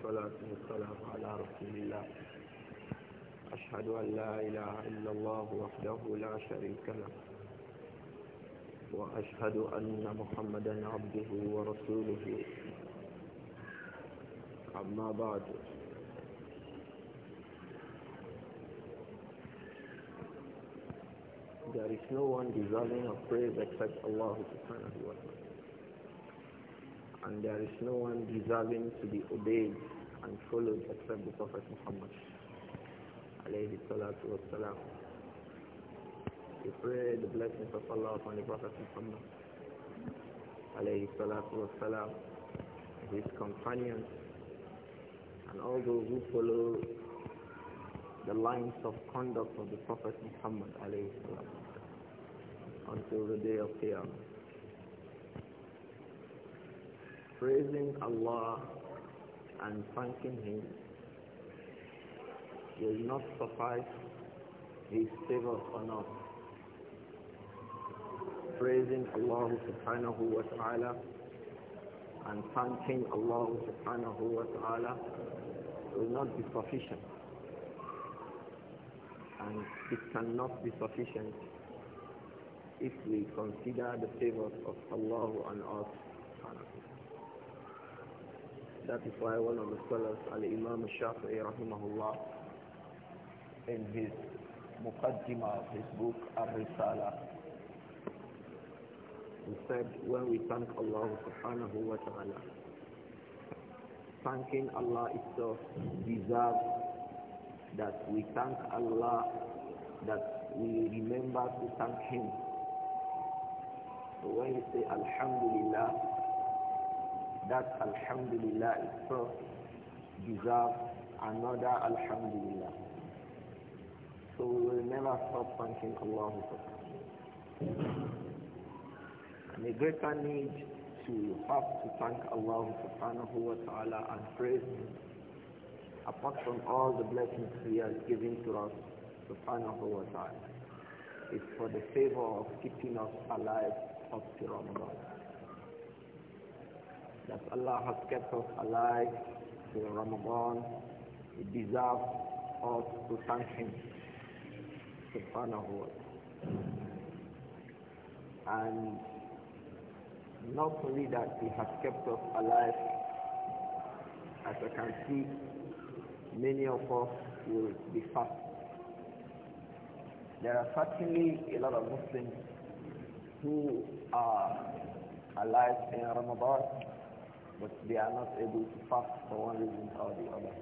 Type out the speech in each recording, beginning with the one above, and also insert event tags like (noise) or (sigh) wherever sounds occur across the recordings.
والصلاة والسلام على رسول الله أشهد أن لا إله إلا الله وحده لا شريك له وأشهد أن محمدا عبده ورسوله أما بعد There is no one deserving of praise except Allah subhanahu wa ta'ala. and there is no one deserving to be obeyed and followed except the Prophet Muhammad. Alayhi salatu wassalam. We pray the blessings of Allah upon the Prophet Muhammad. Alayhi salatu wassalam. His companions and all those who follow the lines of conduct of the Prophet Muhammad alayhi salam, until the day of Qiyamah praising Allah and thanking Him will not suffice His favor on us. Praising Allah subhanahu wa ta'ala and thanking Allah subhanahu wa ta'ala will not be sufficient. And it cannot be sufficient if we consider the favors of Allah on us satisfy one of the scholars, Al-Imam Shafi'i rahimahullah, in his Muqaddimah of his book, Al-Risala, he said, when we thank Allah subhanahu wa ta'ala, thanking Allah itself deserves that we thank Allah, that we remember to thank Him. So when you say Alhamdulillah, that Alhamdulillah itself deserves another Alhamdulillah. So we will never stop thanking Allah. And a greater need to have to thank Allah subhanahu wa ta'ala and praise Him apart from all the blessings He has given to us subhanahu wa ta'ala. It's for the favor of keeping us alive up to Ramadan that Allah has kept us alive till Ramadan. He deserves us to thank Him. Subhanahu wa And not only that He has kept us alive, as I can see, many of us will be fast. There are certainly a lot of Muslims who are alive in Ramadan but they are not able to fast for one reason or the other.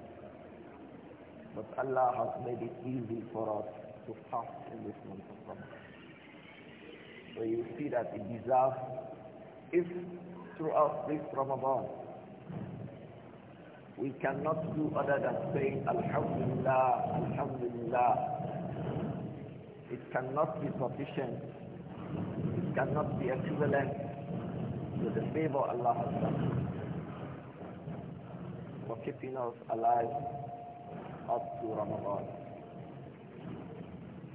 But Allah has made it easy for us to fast in this month of Ramadan. So you see that it deserves, if throughout this Ramadan, we cannot do other than say Alhamdulillah, Alhamdulillah. It cannot be sufficient. It cannot be equivalent to the favor Allah has done keeping us alive up to Ramadan.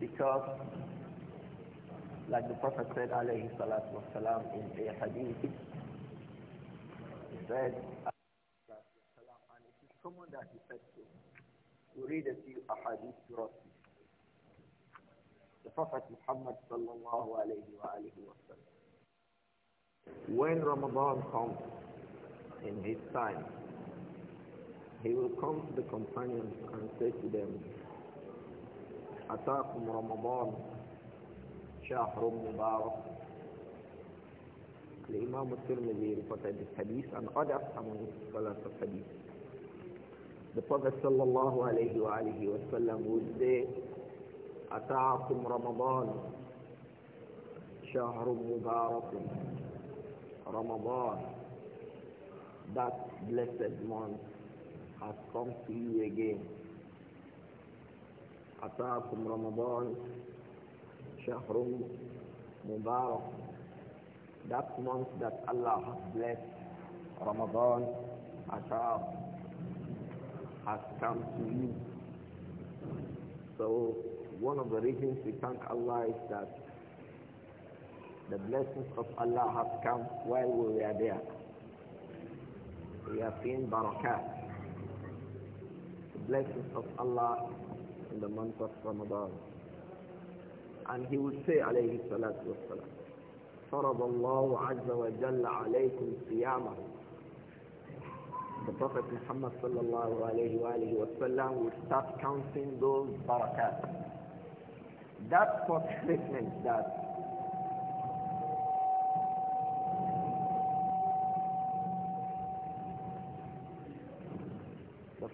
Because, like the Prophet said, alayhi salatu wasalam, in a hadith, he said, and it is common that he said so. We read a few ahadith to us. The Prophet Muhammad sallallahu alayhi wa alihi wa sallam. When Ramadan comes in his time, he will come to the companions and say to them, أتاكم رمضان شهر مبارك الإمام الترمذي reported this hadith and others among scholars of hadith. The Prophet sallallahu alayhi wa alihi wa sallam would say, أتاكم رمضان شهر مبارك رمضان that blessed month has come to you again. أتاكم Ramadan شهر مبارك That month that Allah has blessed, Ramadan, Ashab, has come to you. So one of the reasons we thank Allah is that the blessings of Allah have come while we were there. We have seen barakat blessings of Allah in the month of Ramadan. And he would say, alayhi salatu wasalam, فرض wa عز وجل عليكم صيامه the Prophet Muhammad sallallahu alayhi wa alayhi wa sallam would start counting those barakat. That first statement that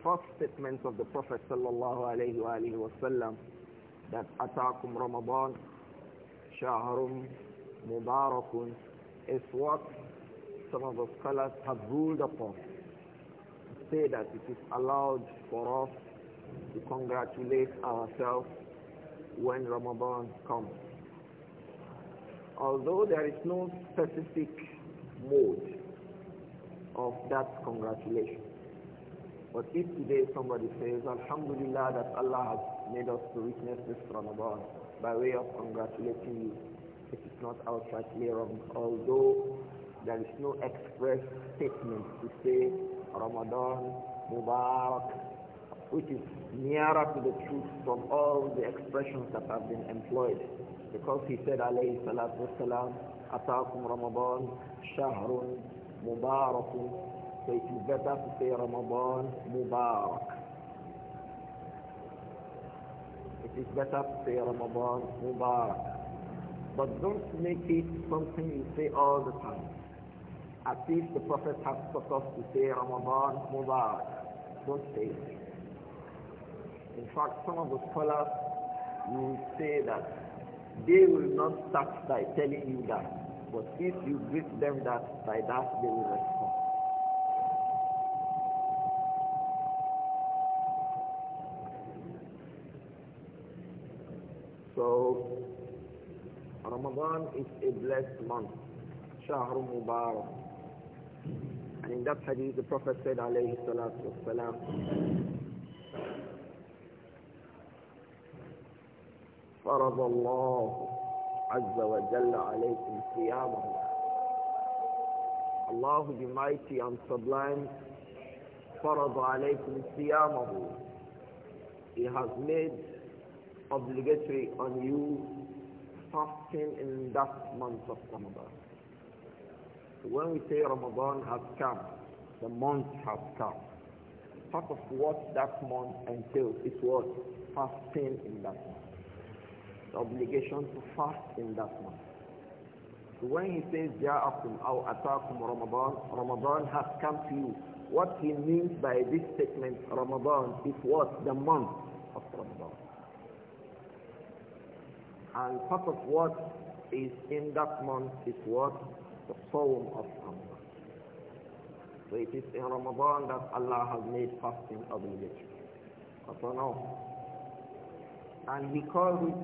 first statements of the Prophet sallallahu alayhi wa alayhi wa sallam that Ataakum Ramadan Shaharum Mubarakun is what some of the scholars have ruled upon. Say that it is allowed for us to congratulate ourselves when Ramadan comes. Although there is no specific mode of that congratulation. But if today somebody says, Alhamdulillah that Allah has made us to witness this Ramadan by way of congratulating you, it is not outrightly wrong, although there is no express statement to say Ramadan Mubarak, which is nearer to the truth from all the expressions that have been employed. Because he said, alayhi salatu wasalam, أتاكم رمضان شهر Mubarak it is better to say Ramadan Mubarak. It is better to say Ramadan Mubarak. But don't make it something you say all the time. At least the Prophet has taught us to say Ramadan Mubarak. Don't say it. In fact, some of the scholars will say that they will not start by telling you that. But if you greet them that by that, they will So, Ramadan is a blessed month. Shahr Mubarak. And in that hadith, the Prophet said, alayhi salatu wasalam, فرض الله عز وجل عليكم صيامه Allah the Mighty and Sublime فرض عليكم صيامه He has made obligatory on you fasting in that month of Ramadan. So when we say Ramadan has come, the month has come. Part of what that month entails is what? Fasting in that month. The obligation to fast in that month. So when he says Ja'akum aw atakum Ramadan, Ramadan has come to you. What he means by this statement, Ramadan, is what? The month of Ramadan. And part of what is in that month is what? The form of Ramadan. So it is in Ramadan that Allah has made fasting obligatory. Upon us. And he calls it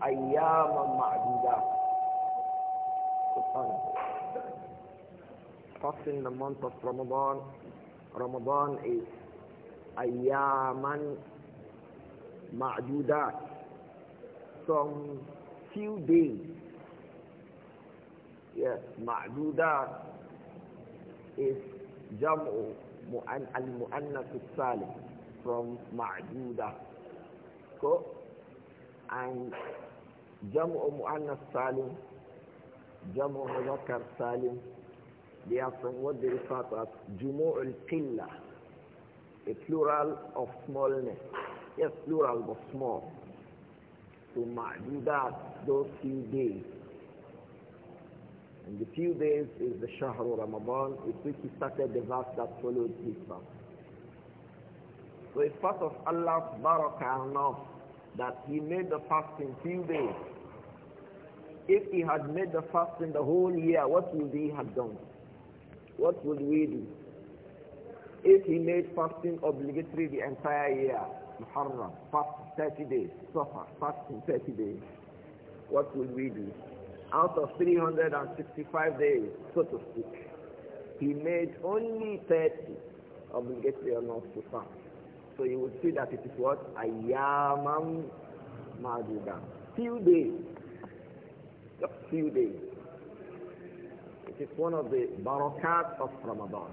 Ayyam al-Ma'dudat. Fasting the month of Ramadan. Ramadan is Ayyaman Ma'dudat some few days. Yes, ma'dudat is jam'u al-mu'annas salim from ma'duda. Ko? And jam'u mu'annas salim, jam'u muzakkar salim, they are from what they refer to as jumu'ul qillah, a plural of smallness. Yes, plural, but small to Ma'dudat, those few days. And the few days is the Shahru Ramadan, with which he started the verse that followed his verse. So it's part of Allah's barakah enough that he made the fasting few days. If he had made the fasting the whole year, what would he have done? What would we do? If he made fasting obligatory the entire year, Muharram, fast 30 days, suffer, fasting 30 days, what will we do? Out of 365 days, so to speak, he made only 30 obligatory or not to fast. So you would see that it is what? Ayyamam Madudan. Few days. Just few days. It is one of the barakat of Ramadan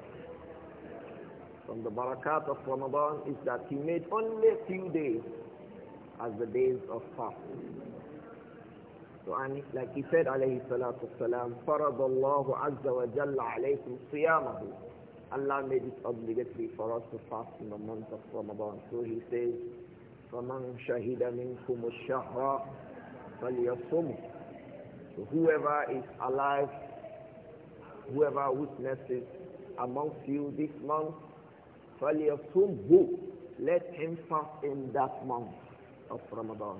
from the barakat of Ramadan is that he made only a few days as the days of fasting. So and like he said alayhi salatu wasalam, فَرَضَ اللَّهُ عَزَّ وَجَلَّ عَلَيْكُمْ صِيَامَهُ Allah made it obligatory for us to fast in the month of Ramadan. So he says, فَمَنْ شَهِدَ مِنْكُمُ الشَّهْرَ فَلْيَصُمْ So whoever is alive, whoever witnesses amongst you this month, فَلْيَصُمْهُ Let him fast in that month of Ramadan.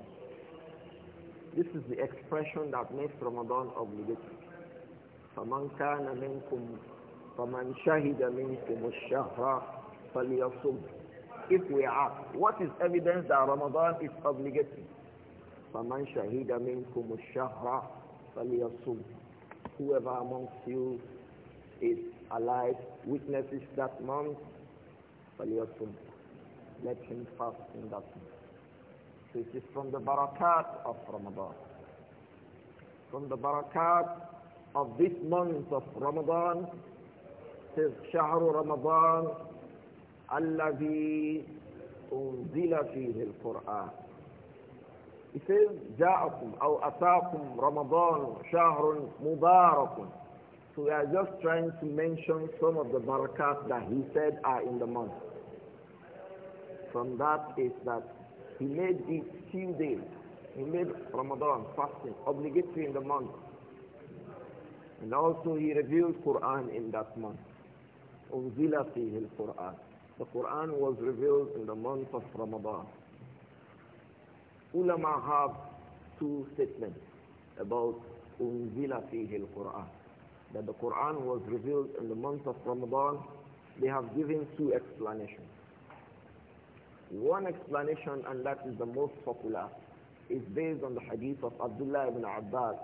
This is the expression that makes Ramadan obligatory. فَمَنْ كَانَ مِنْكُمْ فَمَنْ شَهِدَ مِنْكُمُ الشَّهْرَ فَلْيَصُمْهُ If we ask, what is evidence that Ramadan is obligatory? فَمَنْ شَهِدَ مِنْكُمُ الشَّهْرَ فَلْيَصُمْهُ Whoever amongst you is alive witnesses that month فَلْيَصُمْ Let him fast in that month. So it is from the barakat of Ramadan. From the barakat of this month of Ramadan, says شهر رمضان الذي أنزل فيه القرآن. It says جاءكم أو أتاكم رمضان شهر مبارك So we are just trying to mention some of the barakat that he said are in the month. From that is that he made these few days, he made Ramadan fasting obligatory in the month. And also he revealed Quran in that month. unzilatihi al-Qur'an. The Quran was revealed in the month of Ramadan. Ulama have two statements about unzilatihi al-Qur'an that the Quran was revealed in the month of Ramadan, they have given two explanations. One explanation, and that is the most popular, is based on the hadith of Abdullah ibn Abbas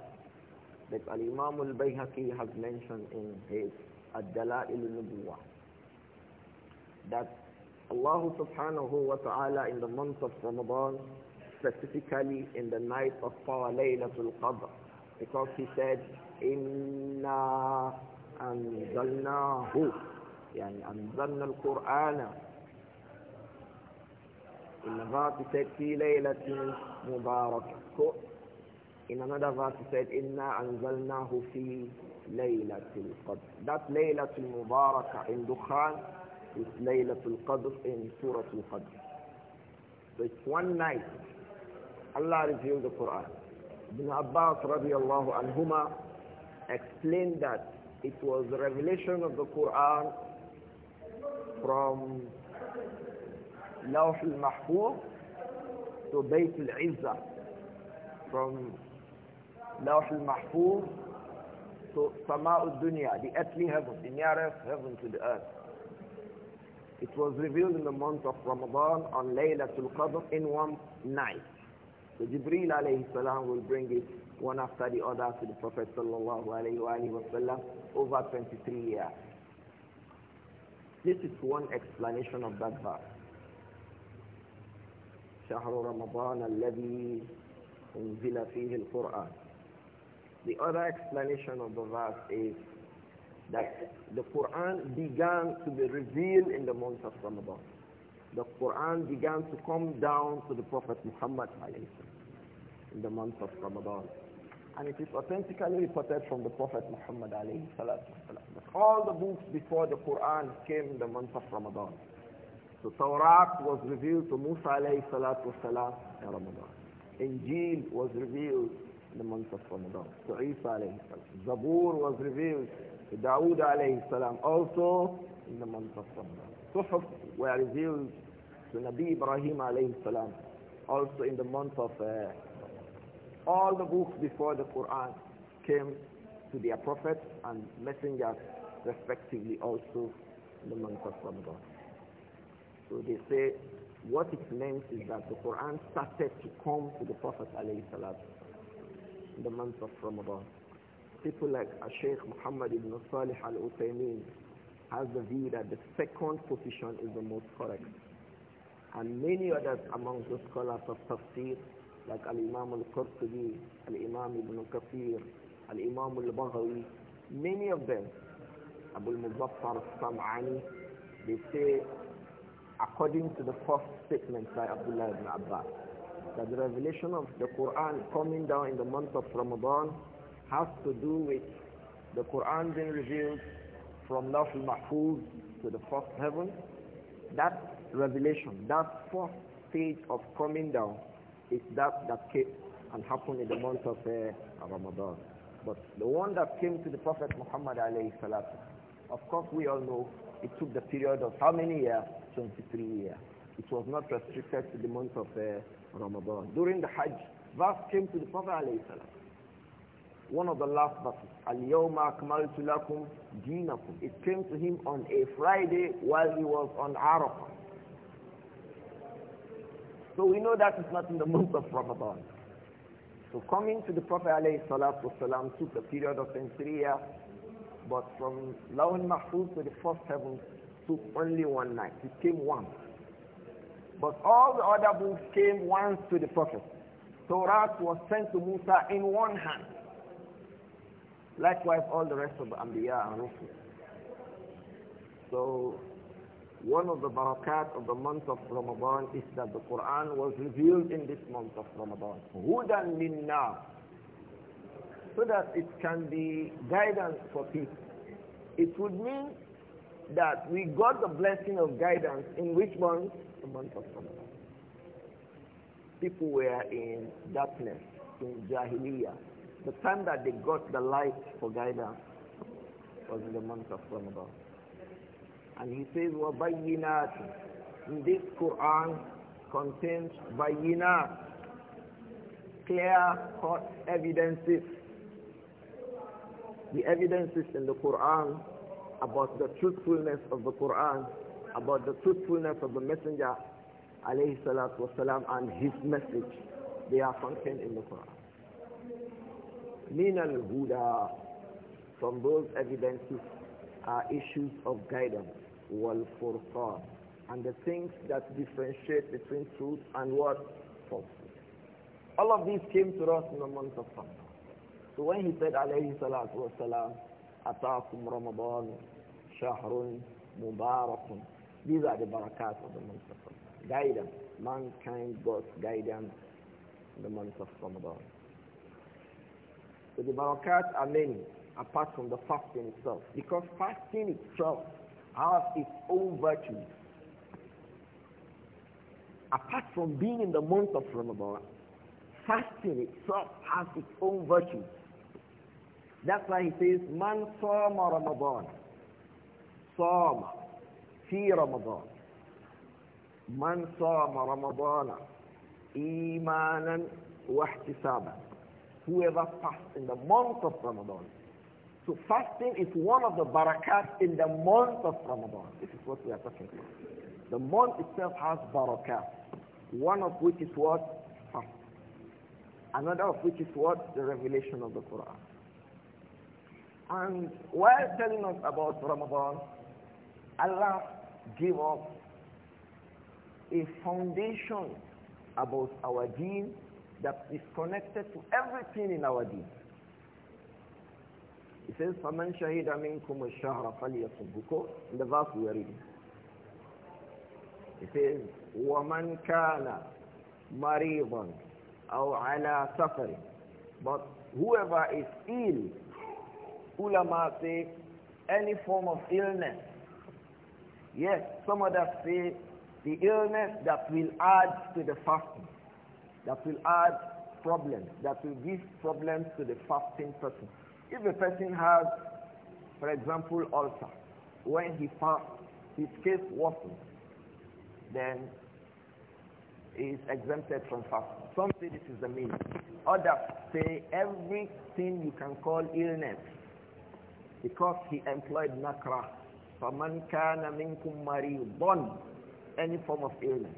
that Al-Imam al-Bayhaqi has mentioned in his Ad-Dala'il al-Nubuwah that Allah subhanahu wa ta'ala in the month of Ramadan specifically in the night of Power Laylatul Qadr because he said إنا أنزلناه يعني أنزلنا القرآن In verse he said, في ليلة مباركة. In another verse he said, إنا أنزلناه في ليلة القدر. That ليلة مباركة in Dukhan is ليلة القدر in Surah Al-Qadr. So it's one night. Allah revealed the Quran. Ibn Abbas رضي الله عنهما explained that it was revelation of the Quran from Lawh al-Mahfuz to Bayt al-Izzah from Lawh al-Mahfuz to Sama'ud Dunya, the earthly heaven, the nearest heaven to the earth. It was revealed in the month of Ramadan on Laylatul Qadr in one night. So Jibreel alayhi salam will bring it one after the other to the Prophet sallallahu alayhi wasallam over 23 years. This is one explanation of that verse. شهر رمضان الذي أنزل فيه القرآن The other explanation of the verse is that the Quran began to be revealed in the month of Ramadan. The Quran began to come down to the Prophet Muhammad in the month of Ramadan and it is authentically reported from the Prophet Muhammad alayhi salatu All the books before the Quran came in the month of Ramadan. So Tawrat was revealed to Musa alayhi salatu in Ramadan. Injil was revealed in the month of Ramadan. To Isa alayhi salam. Zabur was revealed to Dawood alayhi salam also in the month of Ramadan. Suhuf were revealed to Nabi Ibrahim alayhi salam also in the month of uh, all the books before the Quran came to their prophets and messengers respectively also in the month of Ramadan. So they say what it means is that the Quran started to come to the Prophet salat in the month of Ramadan. People like Sheikh Muhammad ibn Salih al-Utaymin has the view that the second position is the most correct. And many others among the scholars of tafsir like Al-Imam Al-Qurtubi, Al-Imam Ibn Kathir, Al-Imam Al-Baghawi, many of them, Abu Muzaffar Sam'ani, they say, according to the first statement by Abdullah ibn Abbas, that the revelation of the Quran coming down in the month of Ramadan has to do with the Quran being revealed from Nafs al-Mahfuz to the first heaven. That revelation, that first stage of coming down is that that came and happened in the month of uh, Ramadan. But the one that came to the Prophet Muhammad salatu, of course we all know it took the period of how many years? 23 years. It was not restricted to the month of uh, Ramadan. During the Hajj, verse came to the Prophet alayhi salatu. One of the last verses, Al-Yawma akmaltu lakum dinakum. It came to him on a Friday while he was on Arafah. So we know that is not in the month of Ramadan. So coming to the Prophet والسلام, took a period of 23 years, but from Lawin Mahfuz to the first heaven took only one night. It came once. But all the other books came once to the Prophet. Torah was sent to Musa in one hand. Likewise, all the rest of the Anbiya and Rusul. So one of the barakat of the month of Ramadan is that the Quran was revealed in this month of Ramadan. Hudan minna. So that it can be guidance for people. It would mean that we got the blessing of guidance in which month? The month of Ramadan. People were in darkness, in Jahiliyyah. The time that they got the light for guidance was in the month of Ramadan. And he says, وَبَيِّنَاتٍ This Quran contains bayinat, clear hot evidences. The evidences in the Quran about the truthfulness of the Quran, about the truthfulness of the Messenger, alayhi salatu wasalam, and his message. They are contained in the Quran. Min huda from those evidences are issues of guidance. والفرقان and the things that differentiate between truth and what falsehood. All of these came to us in the month of Ramadan. So when he said alayhi salatu wasalam, Ataakum Ramadan, Shahrun, Mubarakun, these are the barakat of the month of Ramadan. Guidance. Mankind got guidance in the month of Ramadan. So the barakat are many, apart from the fasting itself. Because fasting itself has its own virtues. Apart from being in the month of Ramadan, fasting itself has its own virtues. That's why he says, Man Sama Ramadan. Sama. Fi Ramadan. Man Sama Ramadan. Imanan wahtisaban. Whoever fasts in the month of Ramadan so fasting is one of the barakat in the month of Ramadan. This is what we are talking about. The month itself has barakat, one of which is what? Fasting. Another of which is what? The revelation of the Quran. And while telling us about Ramadan, Allah gave us a foundation about our deen that is connected to everything in our deen. He says, فَمَنْ شَهِدَ مِنْكُمُ الشَّهْرَ فَلْيَصُمْهُ In the verse we are reading. He says, وَمَنْ كَانَ مَرِيضًا أَوْ عَلَى سَفَرٍ But whoever is ill, ulama say, any form of illness. Yes, some others say, the illness that will add to the fasting, that will add problems, that will give problems to the fasting person. If a person has, for example, ulcer, when he fasts, his case worsens, then he is exempted from fasting. Some say this is the meaning. Others say everything you can call illness because he employed nakra. فَمَنْ كَانَ مِنْكُمْ مَرِيضًا Any form of illness.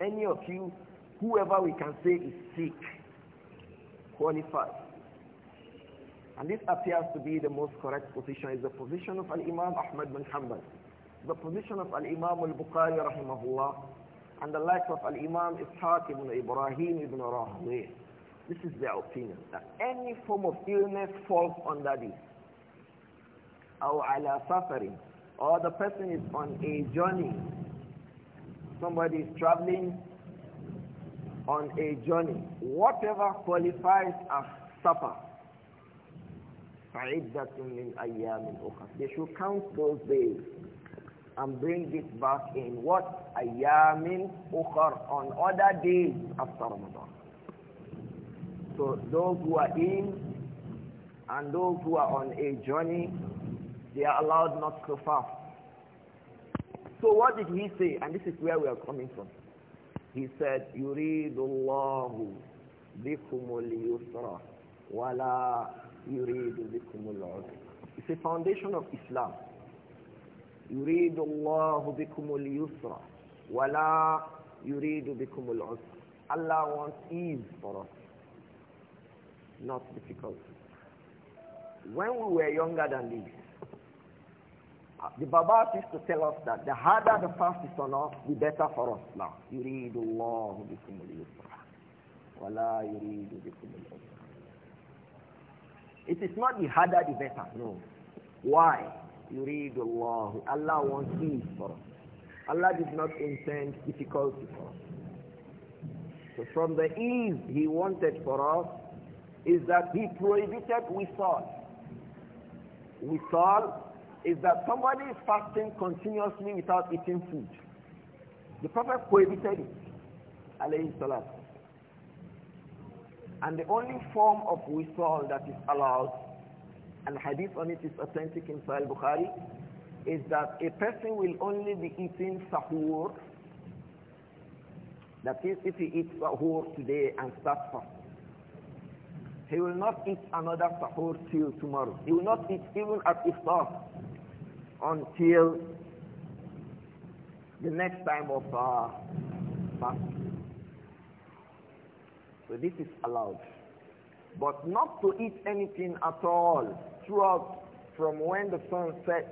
Any of you, whoever we can say is sick, qualifies. And this appears to be the most correct position is the position of Al-Imam Ahmad bin Hanbal. The position of Al-Imam Al-Bukhari rahimahullah and the likes of Al-Imam Ishaq ibn Ibrahim ibn Rahway. This is their opinion that any form of illness falls under this. Or ala suffering. Or the person is on a journey. Somebody is traveling on a journey. Whatever qualifies as suffer. They should count those days and bring it back in what ayamin Oka on other days after Ramadan. So those who are in and those who are on a journey, they are allowed not to fast. So what did he say? And this is where we are coming from. He said, يريد الله بكم اليسر ولا يريد بكم العسر It's a foundation of Islam. يريد الله بكم اليسر ولا يريد بكم العسر Allah wants ease for us, not difficulty. When we were younger than this, uh, the Babas used to tell us that the harder the fast is on us, the better for us now. يريد الله بكم اليسر ولا يريد بكم العسر it is not the harder the better. No. Why? You read Allah. Allah wants ease for us. Allah did not intend difficulty for us. So from the ease He wanted for us is that He prohibited withal. Withal is that somebody is fasting continuously without eating food. The Prophet prohibited it. Alayhi salatu and the only form of whistle that is allowed, and hadith on it is authentic in Sahih Bukhari, is that a person will only be eating sahur. That is, if he eats sahur today and starts fast, he will not eat another sahur till tomorrow. He will not eat even at iftar until the next time of uh, fast. So this is allowed. But not to eat anything at all throughout from when the sun sets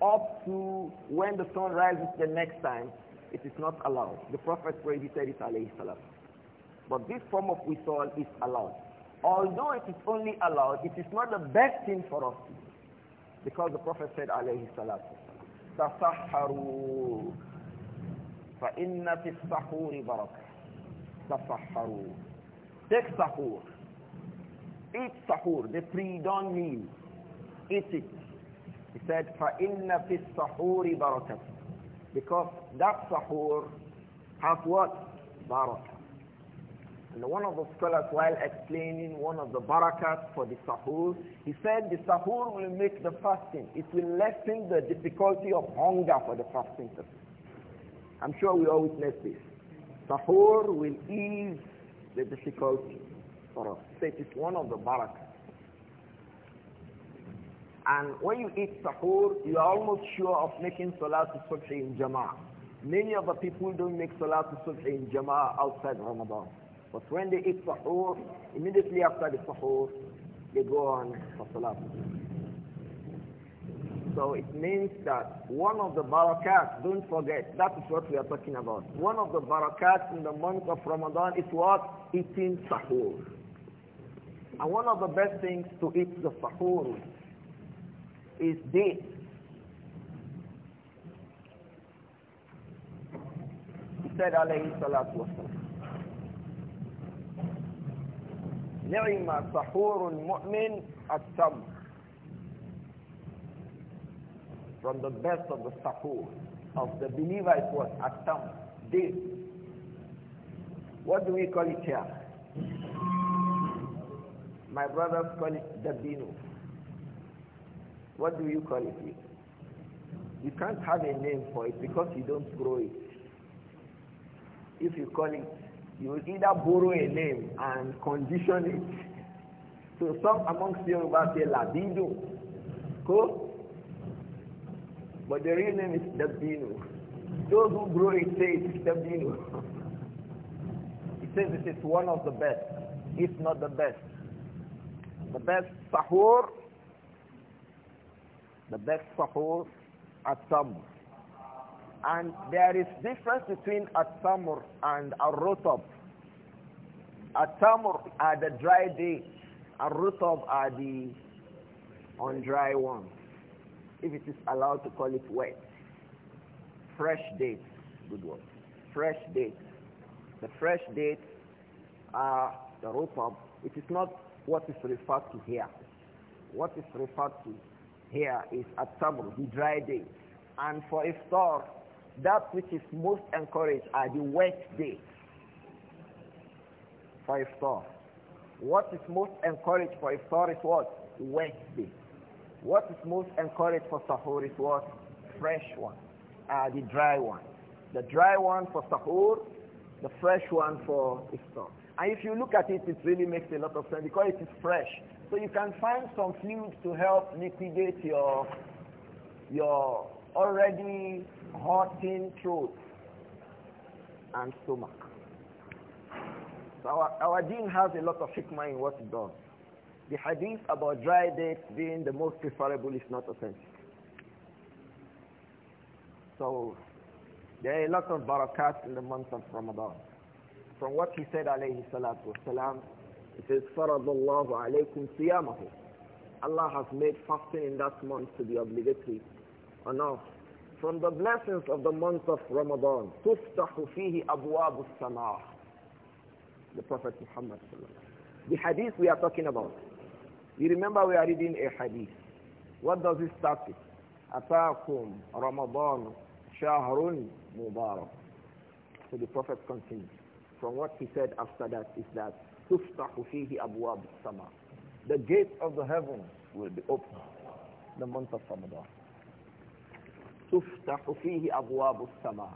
up to when the sun rises the next time, it is not allowed. The Prophet prohibited it alayhi salam. But this form of withdrawal is allowed. Although it is only allowed, it is not the best thing for us. Because the Prophet said alayhi salam, تَصَحَّرُوا فَإِنَّ فِي السَّحُورِ بَرَكَةً تَصَحَّرُوا Take sahur. Eat sahur, the pre-dawn meal. Eat it. He said, فَإِنَّ فِي السَّحُورِ بَرَكَةٌ Because that sahur has what? Barakah. And one of the scholars, while explaining one of the barakahs for the sahur, he said the sahur will make the fasting. It will lessen the difficulty of hunger for the fasting. I'm sure we all witnessed this. Sahur will ease the difficulty for us. So it is one of the barakah. And when you eat sahur, you are almost sure of making to subh in jama'ah. Many of the people don't make to subh in jama'ah outside Ramadan. But when they eat sahur, immediately after the sahur, they go on for salatul subh. So it means that one of the barakat, don't forget, that is what we are talking about. One of the barakat in the month of Ramadan is what? Eating sahur. And one of the best things to eat the sahur is dates. said alayhi salatu wasalam. نعم سحور المؤمن التمر from the best of the sahur of the believer it was Atam, day. What do we call it here? My brothers call it dabino. What do you call it? You can't have a name for it because you don't grow it. If you call it, you will either borrow a name and condition it. So some amongst you will say labido. Cool? But the real name is Dabino. Those who grow it say it's Dabino. He says it is one of the best, if not the best. The best sahur, the best sahur at tamr. And there is difference between at and a rotab. At are the dry days, a rotab are the on dry ones if it is allowed to call it wet. Fresh dates, good word. Fresh dates. The fresh dates are the rupab. It is not what is referred to here. What is referred to here is the dry dates. And for iftar, that which is most encouraged are the wet dates. For iftar. What is most encouraged for iftar is what? Wet dates. What is most encouraged for sahur is what? Fresh one. Uh, the dry one. The dry one for sahur, the fresh one for iftar. And if you look at it, it really makes a lot of sense because it is fresh. So you can find some fluids to help liquidate your, your already hurting throat and stomach. So our, our deen has a lot of hikmah in what it does. The hadith about dry dates being the most preferable is not authentic. So there are a lot of barakat in the month of Ramadan. From what he said alayhi salatu wasalam, it says, فَرَضَ اللَّهُ عَلَيْكُمْ Allah has made fasting in that month to be obligatory on us. From the blessings of the month of Ramadan, تُفْتَحُ فِيهِ أَبْوَابُ السَّمَاءِ The Prophet Muhammad The hadith we are talking about. You remember we are reading a hadith. What does it start with? Atakum Ramadan Shahrun Mubarak. So the Prophet continues. From what he said after that is that Tuftahu fihi abwab sama. The gate of the heavens will be open. The month of Ramadan. Tuftahu fihi abwab sama.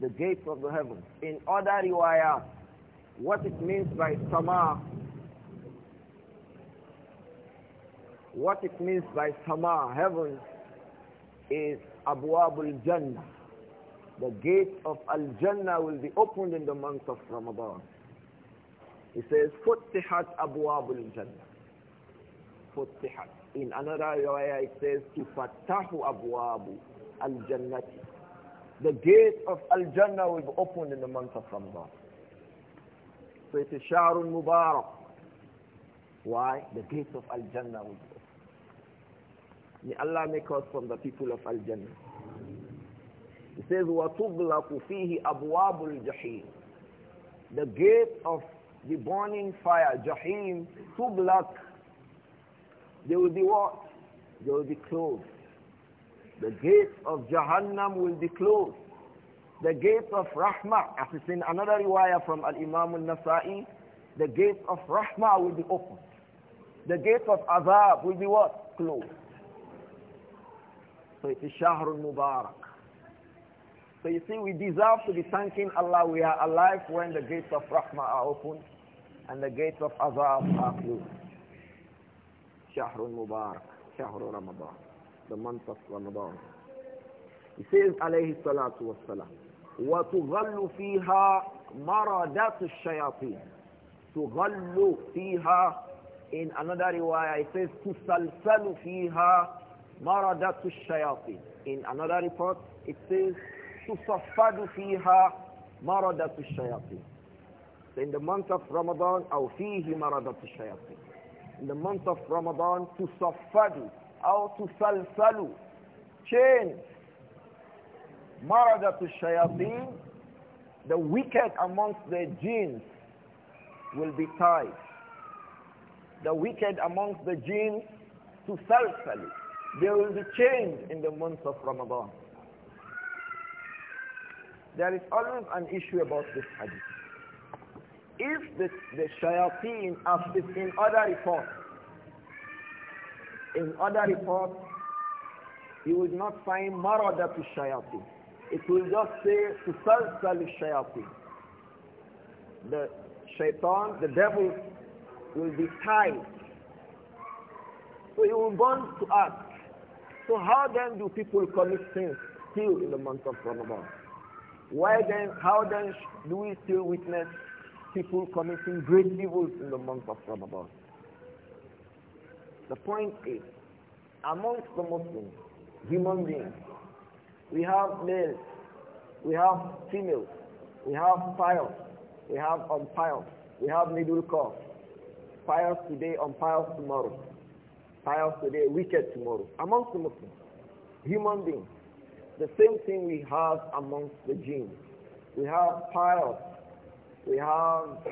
The gate of the heavens. In other riwayat, what it means by sama What it means by sama, heaven, is abwabul jannah. The gate of al-jannah will be opened in the month of Ramadan. He says, abu abwabul jannah. Futtihat. In another riwayah it says, Tufattahu abwabu al-jannati. The gate of al-jannah will be opened in the month of Ramadan. So it is Sharun Mubarak. Why? The gates of Al-Jannah will be May Allah make us from the people of Al-Jannah. He says, "Wa وَتُغْلَقُ fihi abwabul Jahim." The gate of the burning fire, Jahim, Tuglak, they will be what? They will be closed. The gate of Jahannam will be closed. The gate of Rahmah, as is in another riwayah from Al-Imam al-Nasa'i, the gate of Rahmah will be opened. The gate of Azab will be what? Closed. So it is Mubarak. So you see, we deserve to be thanking Allah. We are alive when the gates of Rahmah are open and the gates of Azab are closed. Shahrul Mubarak, Shahrul Ramadan, the month of Ramadan. He says, alayhi salatu wassalam, وَتُغَلُّ فِيهَا مَرَدَاتُ الشَّيَاطِينَ تُغَلُّ فِيهَا In another riwayah, it says, تُسَلْسَلُ فِيهَا maradatu shayatin. In another report, it says, تصفد فيها Maradat الشياطين. So in the month of Ramadan, أو Maradat مردة Shayatin. In the month of Ramadan, to أو تسلسل chains. مردة Shayatin. the wicked amongst the jinns will be tied. The wicked amongst the jinns, تسلسل there will be change in the month of Ramadan. There is always an issue about this hadith. If the, the shayateen, as in other reports, in other reports, you will not find to shayateen. It will just say tusalsal shayateen. The shaitan, the devil, will be tied. So he will bond to us. So how then do people commit sins still in the month of Ramadan? Why then, how then do we still witness people committing great evils in the month of Ramadan? The point is, amongst the Muslims, human beings, we have males, we have females, we have pious, we have unpious, we have middle class, pious today, unpious tomorrow pious today, wicked tomorrow. Amongst the Muslims, human beings. The same thing we have amongst the jinn. We have pious. We have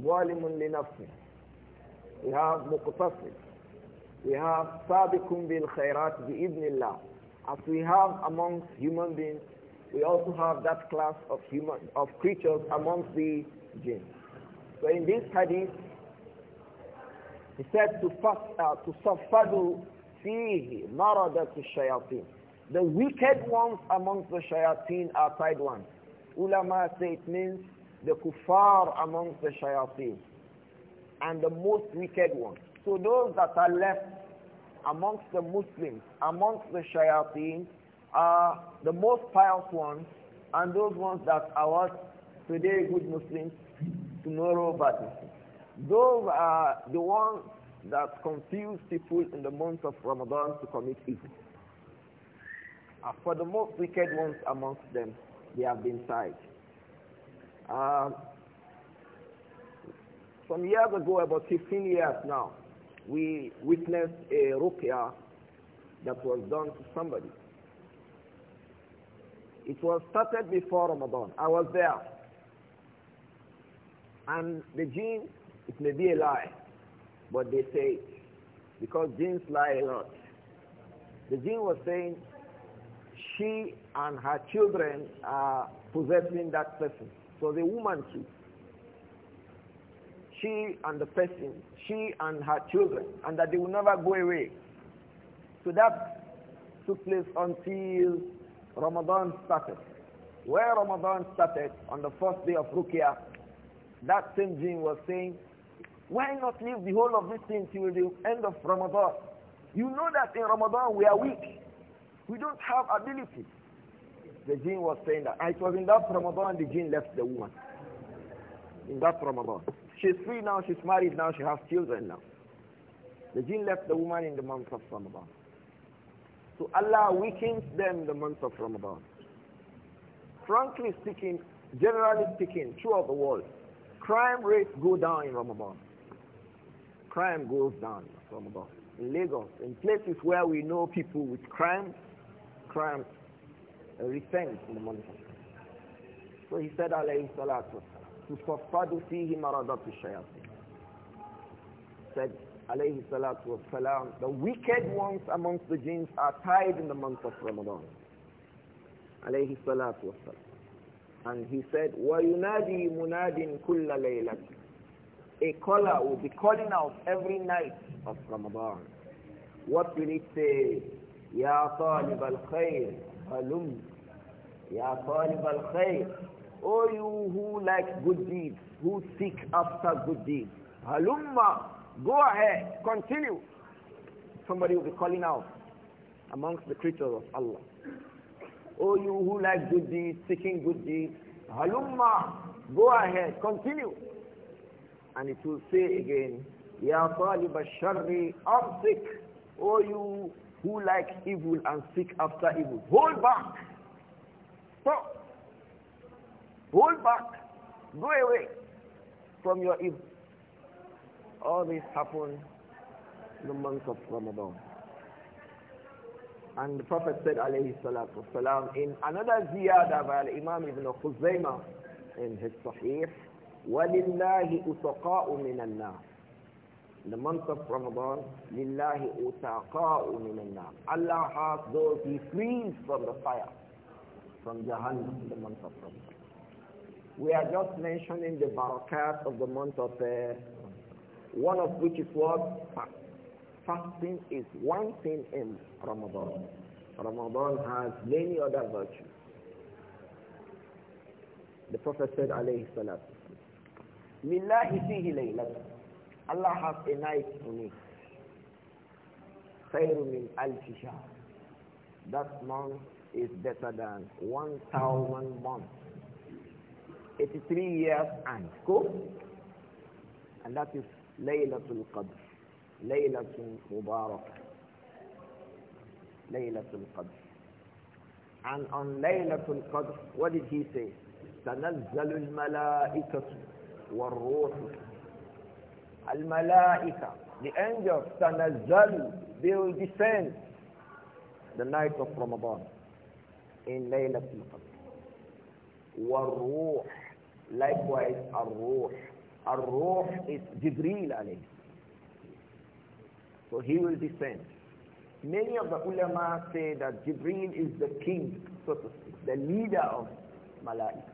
Walimun linafsi. We have Muqtasid. We have sabikum bil khairat bi idnillah. As we have amongst human beings, we also have that class of human of creatures amongst the jinn. So in this hadith, he said uh, to safadu fihi maradatu shayateen. The wicked ones amongst the shayateen are tied ones. Ulama say it means the kuffar amongst the shayateen and the most wicked ones. So those that are left amongst the Muslims, amongst the shayateen, are the most pious ones and those ones that are what? Today good Muslims, tomorrow bad Muslims. Those are the ones that confuse people in the month of Ramadan to commit evil. for the most wicked ones amongst them, they have been tied. Um, some years ago, about 15 years now, we witnessed a ruqya that was done to somebody. It was started before Ramadan. I was there. And the jinn it may be a lie, but they say it because jinns lie a lot. The jinn was saying she and her children are possessing that person. So the woman too. She and the person, she and her children, and that they will never go away. So that took place until Ramadan started. Where Ramadan started on the first day of Rukia, that same jinn was saying, why not leave the whole of this thing till the end of Ramadan? You know that in Ramadan we are weak. We don't have ability. The jinn was saying that. Ah, it was in that Ramadan the jinn left the woman. In that Ramadan. She's free now, she's married now, she has children now. The jinn left the woman in the month of Ramadan. So Allah weakens them the month of Ramadan. Frankly speaking, generally speaking, throughout the world, crime rates go down in Ramadan crime goes down from above. In Lagos, in places where we know people with crime, crime uh, repent in the morning. So he said, alayhi salatu, tusafadu fihi maradatu shayatin. Said, alayhi salatu wasalam, the wicked ones amongst the jinns are tied in the month of Ramadan. Alayhi salatu wasalam. And he said, وَيُنَادِي مُنَادٍ كُلَّ لَيْلَةٍ a caller will be calling out every night of Ramadan. What will it say? Ya talib al-khair, halum. Ya talib al-khair. O you who like good deeds, who seek after good deeds. Halumma, go ahead, continue. Somebody will be calling out amongst the creatures of Allah. O you who like good deeds, seeking good deeds. Halumma, go ahead, continue and it will say again, Ya talib al-sharri amsik, O you who like evil and seek after evil, hold back. Stop. Hold back. Go away from your evil. All this happened in the month of Ramadan. And the Prophet said, alayhi salatu wasalam, in another ziyadah by Imam Ibn Khuzaymah in his Sahih, وَلِلَّهِ أُتَقَاءُ مِنَ النَّارِ In the month of Ramadan, لِلَّهِ أُتَقَاءُ مِنَ النَّارِ Allah has those He frees from the fire, from Jahannam in the month of Ramadan. We are just mentioning the barakat of the month of uh, one of which is what? Fasting is one thing in Ramadan. Ramadan has many other virtues. The Prophet said, alayhi salatu Lillahi fihi laylat. Allah has a night for me. Khairu min alfi shahr. That month is better than 1,000 months. 83 years and go. And that is Laylatul Qadr. Laylatul Mubarak. Laylatul Qadr. And on Laylatul Qadr, what did he say? تنزل الملائكة والروح الملائكة the angels تنزل they will descend the night of Ramadan in ليلة القدر والروح likewise الروح الروح is Jibril عليه so he will descend many of the ulama say that Jibril is the king so to speak the leader of malaika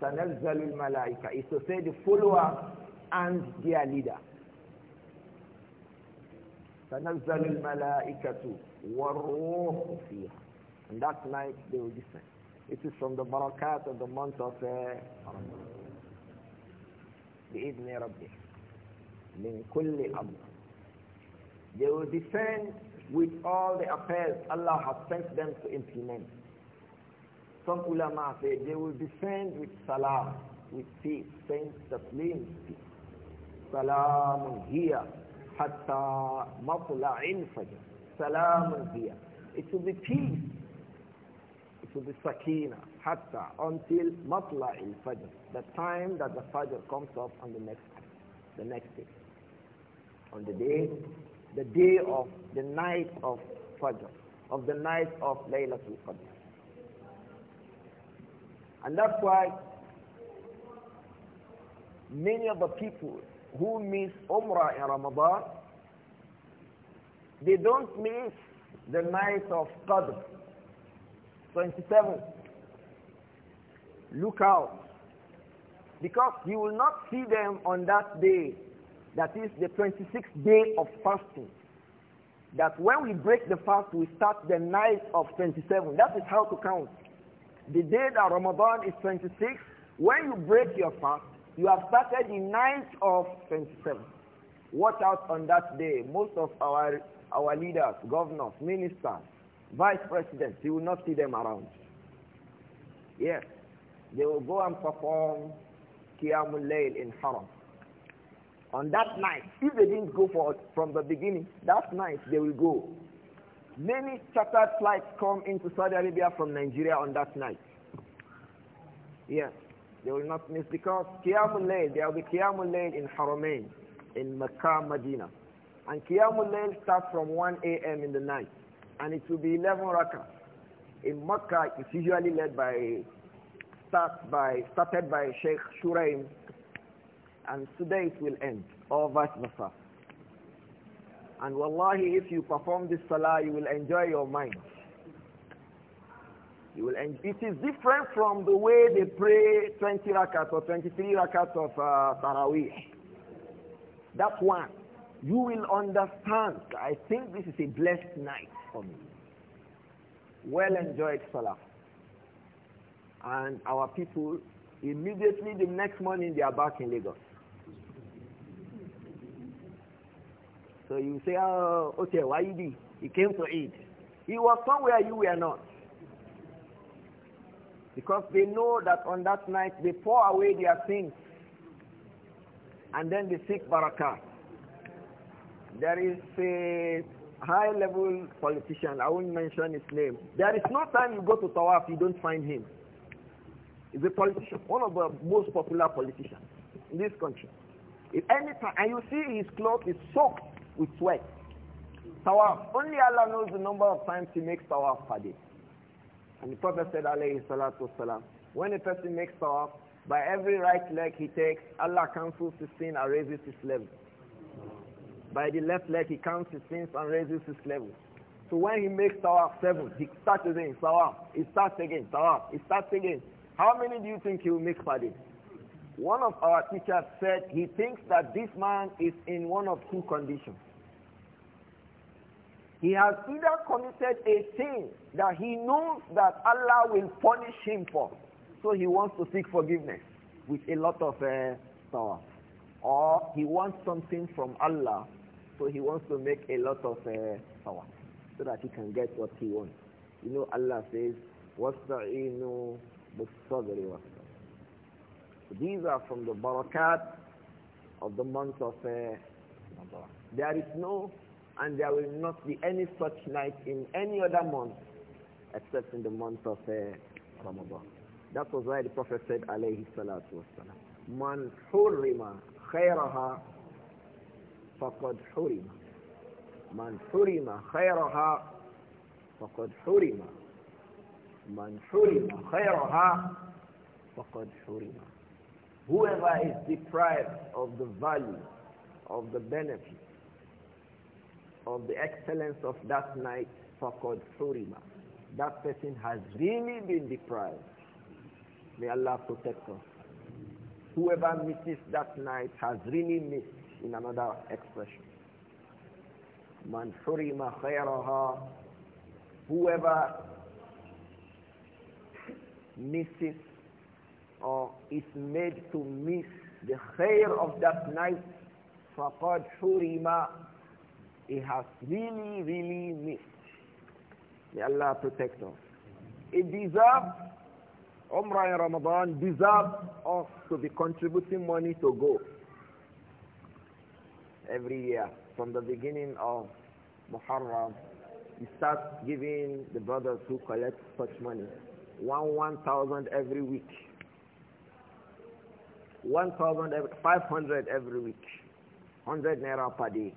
تَنَزَّلُ الْمَلَائِكَةِ is to say the follower and their leader. تَنَزَّلُ الْمَلَائِكَةُ وَالرُّوحُ فِيهَا And that night they will descend. It is from the barakat of the month of بإذن ربه من كل أمر They will descend with all the affairs Allah has sent them to implement. Some ulama say they will descend with salam, with peace, saying peace. salamun here, hatta matla'in fajr, salamun here. It will be peace. It will be sakina, hatta, until in fajr, the time that the fajr comes up on the next, the next day. On the day, the day of the night of fajr, of the night of Laylatul Qadr. And that's why many of the people who miss Umrah in Ramadan, they don't miss the night of Qadr, 27. Look out. Because you will not see them on that day, that is the 26th day of fasting. That when we break the fast, we start the night of 27. That is how to count the day that Ramadan is 26, when you break your fast, you have started the night of 27. Watch out on that day. Most of our, our leaders, governors, ministers, vice presidents, you will not see them around. Yes, they will go and perform Qiyamul Layl in Haram. On that night, if they didn't go for from the beginning, that night they will go. Many chartered flights come into Saudi Arabia from Nigeria on that night. Yes, they will not miss because Qiyamul Layl, there will be Qiyamul Layl in Haramain, in Makkah, Medina. And Qiyamul Layl starts from 1 a.m. in the night and it will be 11 rakah. In Makkah, it's usually led by, start by, started by Sheikh Shuraim and today it will end, or vice versa. And wallahi, if you perform this salah, you will enjoy your mind. You will enjoy. It is different from the way they pray 20 rakat or 23 rakat of uh, Taraweeh. That's one. You will understand. I think this is a blessed night for me. Well enjoyed salah. And our people, immediately the next morning, they are back in Lagos. So you say, oh, okay, why did he came to eat? He was somewhere you were not. Because they know that on that night they pour away their sins and then they seek Baraka. There is a high-level politician, I won't mention his name. There is no time you go to Tawaf, you don't find him. He's a politician, one of the most popular politicians in this country. If any time, and you see his cloth is soaked with sweat. Tawaf. Only Allah knows the number of times he makes tawaf per day. And the Prophet said, alayhi salatu salam." when a person makes tawaf, by every right leg he takes, Allah cancels his sin and raises his level. By the left leg he counts his sins and raises his level. So when he makes tawaf seven, he starts again, tawaf, he starts again, tawaf, he starts again. How many do you think he will make per day? One of our teachers said he thinks that this man is in one of two conditions. He has either committed a sin that he knows that Allah will punish him for, so he wants to seek forgiveness with a lot of uh, Or he wants something from Allah, so he wants to make a lot of uh, so that he can get what he wants. You know Allah says, وَاسْتَعِينُوا بِالصَّبْرِ وَالصَّبْرِ these are from the barakat of the month of uh, There is no and there will not be any such night in any other month except in the month of uh, Ramadan. That was why the Prophet said, alayhi salatu wasalam, Man hurrima khayraha faqad hurima. Man hurrima khayraha faqad hurima. Man hurrima khayraha faqad hurima. Whoever is deprived of the value, of the benefit, of the excellence of that night, so-called Surima, that person has really been deprived. May Allah protect us. Whoever misses that night has really missed, in another expression. Man hurima khairaha. whoever misses or is made to miss the khair of that night, فَقَدْ حُرِمَ He has really, really missed. May Allah protect us. It deserves, Umrah in Ramadan deserves us to be contributing money to go every year. From the beginning of Muharram, we start giving the brothers who collect such money, one 1,000 every week 1,500 every week, 100 naira per day.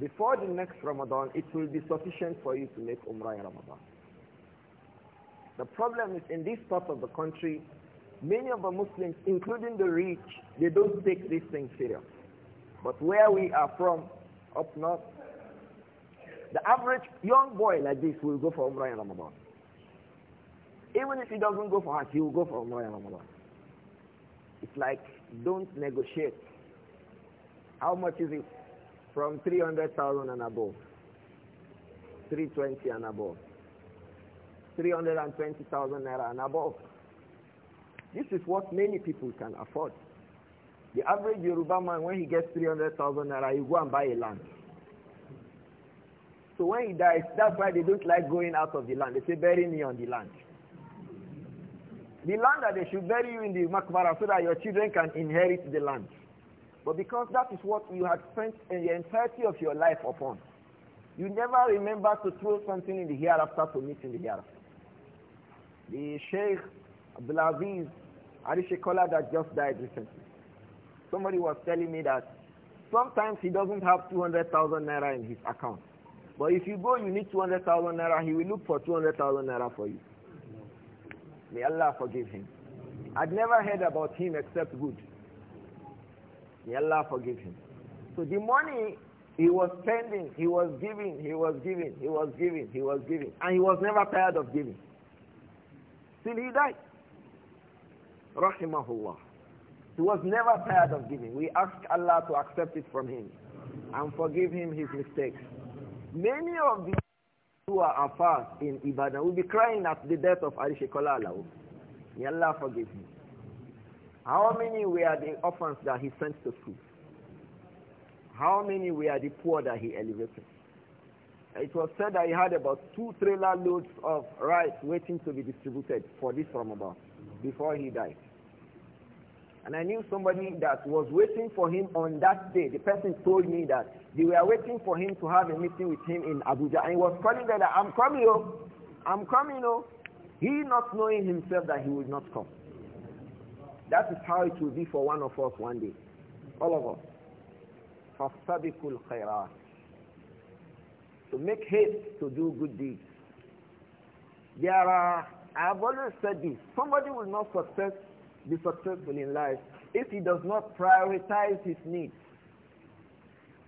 Before the next Ramadan, it will be sufficient for you to make Umrah in Ramadan. The problem is in this part of the country, many of the Muslims, including the rich, they don't take this thing serious. But where we are from, up north, the average young boy like this will go for Umrah in Ramadan. Even if he doesn't go for Hajj, he will go for Umrah in Ramadan. It's like, don't negotiate. How much is it? From 300,000 and above. 320 and above. 320,000 naira and above. This is what many people can afford. The average Yoruba man, when he gets 300,000 naira, he go and buy a land. So when he dies, that's why they don't like going out of the land. They say, bury me on the land. The land that they should bury you in the Makbara so that your children can inherit the land. But because that is what you had spent the entirety of your life upon, you never remember to throw something in the hereafter to meet in the hereafter. The Sheikh Abdulaziz Arishekola that just died recently, somebody was telling me that sometimes he doesn't have 200,000 naira in his account. But if you go, you need 200,000 naira, he will look for 200,000 naira for you. May Allah forgive him. I'd never heard about him except good. May Allah forgive him. So the money he was spending, he was giving, he was giving, he was giving, he was giving. And he was never tired of giving. Till he died. Rahimahullah. He was never tired of giving. We ask Allah to accept it from him and forgive him his mistakes. Many of the who are affairs in Ibadan will be crying at the death of Ali Shekola May Allah forgive him. How many were the orphans that he sent to school? How many were the poor that he elevated? It was said that he had about two trailer loads of rice waiting to be distributed for this Ramadan before he died. And I knew somebody that was waiting for him on that day. The person told me that they were waiting for him to have a meeting with him in Abuja. And he was calling them that, I'm coming, oh. I'm coming, oh. He not knowing himself that he would not come. That is how it will be for one of us one day. All of us. فَاسْتَبِقُوا الْخَيْرَاتِ To make haste to do good deeds. There are, I've always said this, somebody will not success be successful in life if he does not prioritize his needs.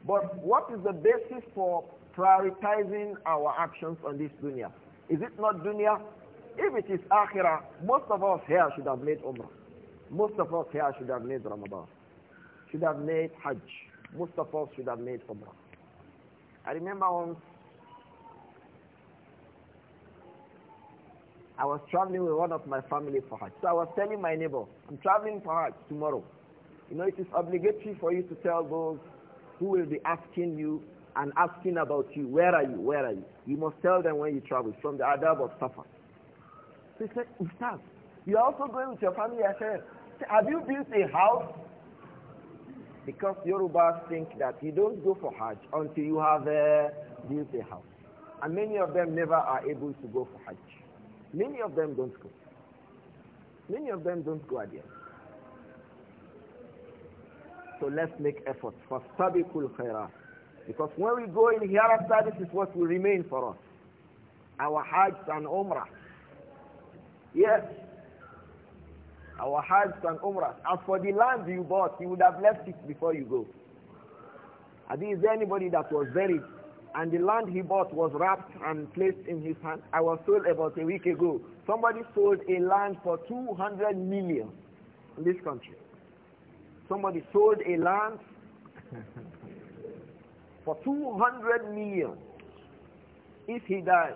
But what is the basis for prioritizing our actions on this dunya? Is it not dunya? If it is akhirah, most of us here should have made umrah. Most of us here should have made Ramadan. Should have made Hajj. Most of us should have made Umrah. I remember once I was traveling with one of my family for Hajj. So I was telling my neighbor, I'm traveling for Hajj tomorrow. You know, it is obligatory for you to tell those who will be asking you and asking about you, where are you, where are you? You must tell them when you travel, from the adab of Safar. So he said, Ustaz, you're also going with your family. I said, have you built a house? Because Yorubas think that you don't go for Hajj until you have uh, built a house. And many of them never are able to go for Hajj. Many of them don't go. Many of them don't go at the end. So let's make efforts for sabiqul khairah. Because when we go in hereafter, this is what will remain for us. Our Hajj and Umrah. Yes. Our Hajj and Umrah. As for the land you bought, you would have left it before you go. Are is there anybody that was buried and the land he bought was wrapped and placed in his hand. I was told about a week ago, somebody sold a land for 200 million in this country. Somebody sold a land (laughs) for 200 million. If he dies,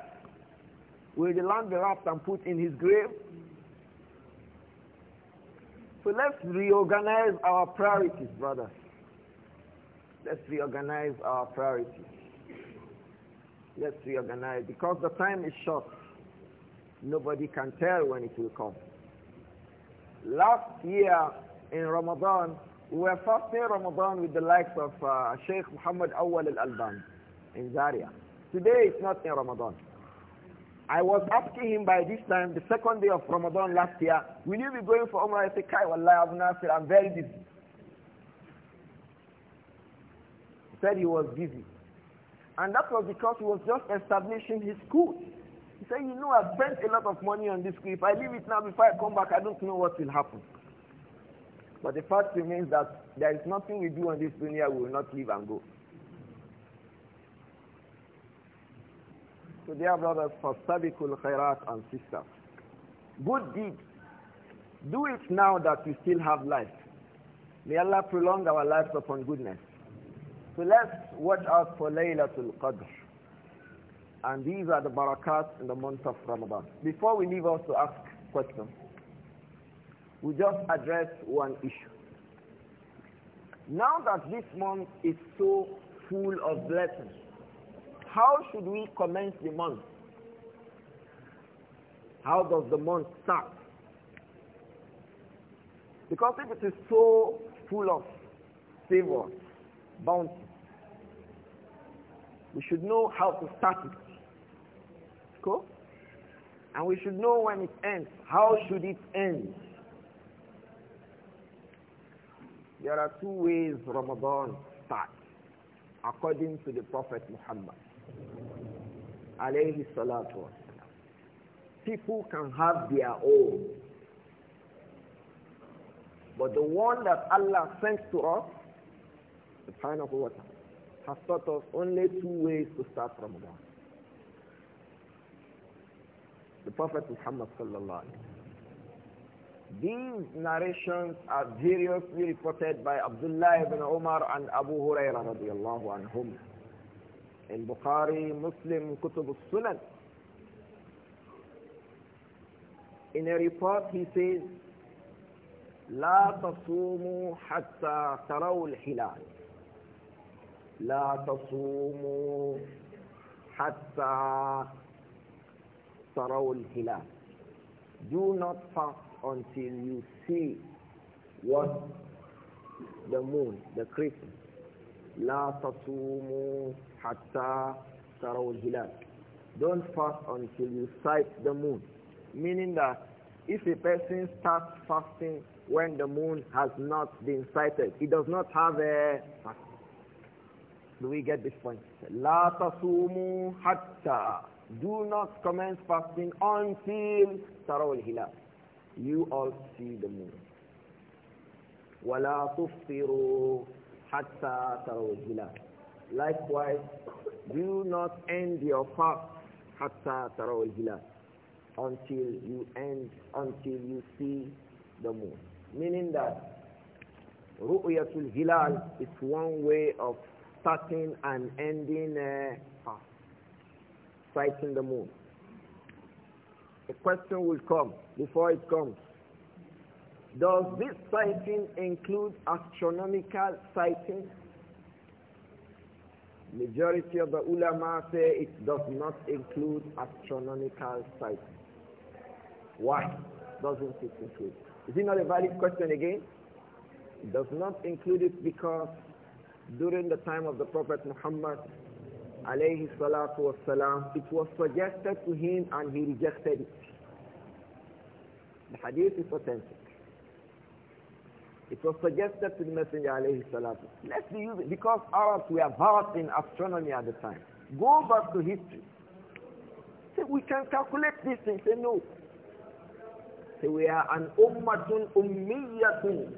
will the land be wrapped and put in his grave? So let's reorganize our priorities, brothers. Let's reorganize our priorities. Let's reorganize because the time is short. Nobody can tell when it will come. Last year in Ramadan, we were fasting Ramadan with the likes of uh, Sheikh Muhammad Awal al-Alban in Zaria. Today it's not in Ramadan. I was asking him by this time, the second day of Ramadan last year, will you be going for Umrah? I said, Kai, Wallahi, Abu Nasir, I'm very busy. He said he was busy. And that was because he was just establishing his school. He said, you know, I've spent a lot of money on this school. If I leave it now before I come back, I don't know what will happen. But the fact remains that there is nothing we do on this dunya we will not leave and go. So dear brothers, sabikul khairat and sisters. Good deeds. Do it now that we still have life. May Allah prolong our lives upon goodness. So let's watch out for Laylatul Qadr. And these are the Barakahs in the month of Ramadan. Before we leave us to ask questions, we just address one issue. Now that this month is so full of blessings, how should we commence the month? How does the month start? Because if it is so full of favor, bounty, we should know how to start it. Cool? And we should know when it ends. How should it end? There are two ways Ramadan starts according to the Prophet Muhammad. People can have their own. But the one that Allah sent to us, subhanahu of water has taught us only two ways to start Ramadan. The Prophet Muhammad These narrations are variously reported by Abdullah ibn Umar and Abu Hurairah radiallahu anhum. In Bukhari, Muslim, Kutub al-Sunan. In a report he says, لا تصوموا حتى تروا الحلال لا تصوموا حتى تروا الهلال Do not fast until you see what the moon, the crescent. لا تصوموا حتى تروا الهلال Don't fast until you sight the moon. Meaning that if a person starts fasting when the moon has not been sighted, he does not have a fast. Do we get this point? La tasumu hatta. Do not commence fasting until tarawal hilal. You all see the moon. ولا تفطروا حتى تروا hilal. Likewise, do not end your fast حتى تروا hilal until you end until you see the moon. Meaning that ru'yatul hilal is one way of starting and ending uh, ah, fast, sighting the moon. The question will come before it comes. Does this sighting include astronomical sighting? Majority of the ulama say it does not include astronomical sighting. Why doesn't it include? Is it not a valid question again? It does not include it because during the time of the Prophet Muhammad alayhi salatu wasalam, it was suggested to him and he rejected it. The hadith is authentic. It was suggested to the Messenger alayhi salatu Let's use it because Arabs were versed in astronomy at the time. Go back to history. Say, we can calculate this thing. Say, no. Say, we are an ummatun ummiyatun.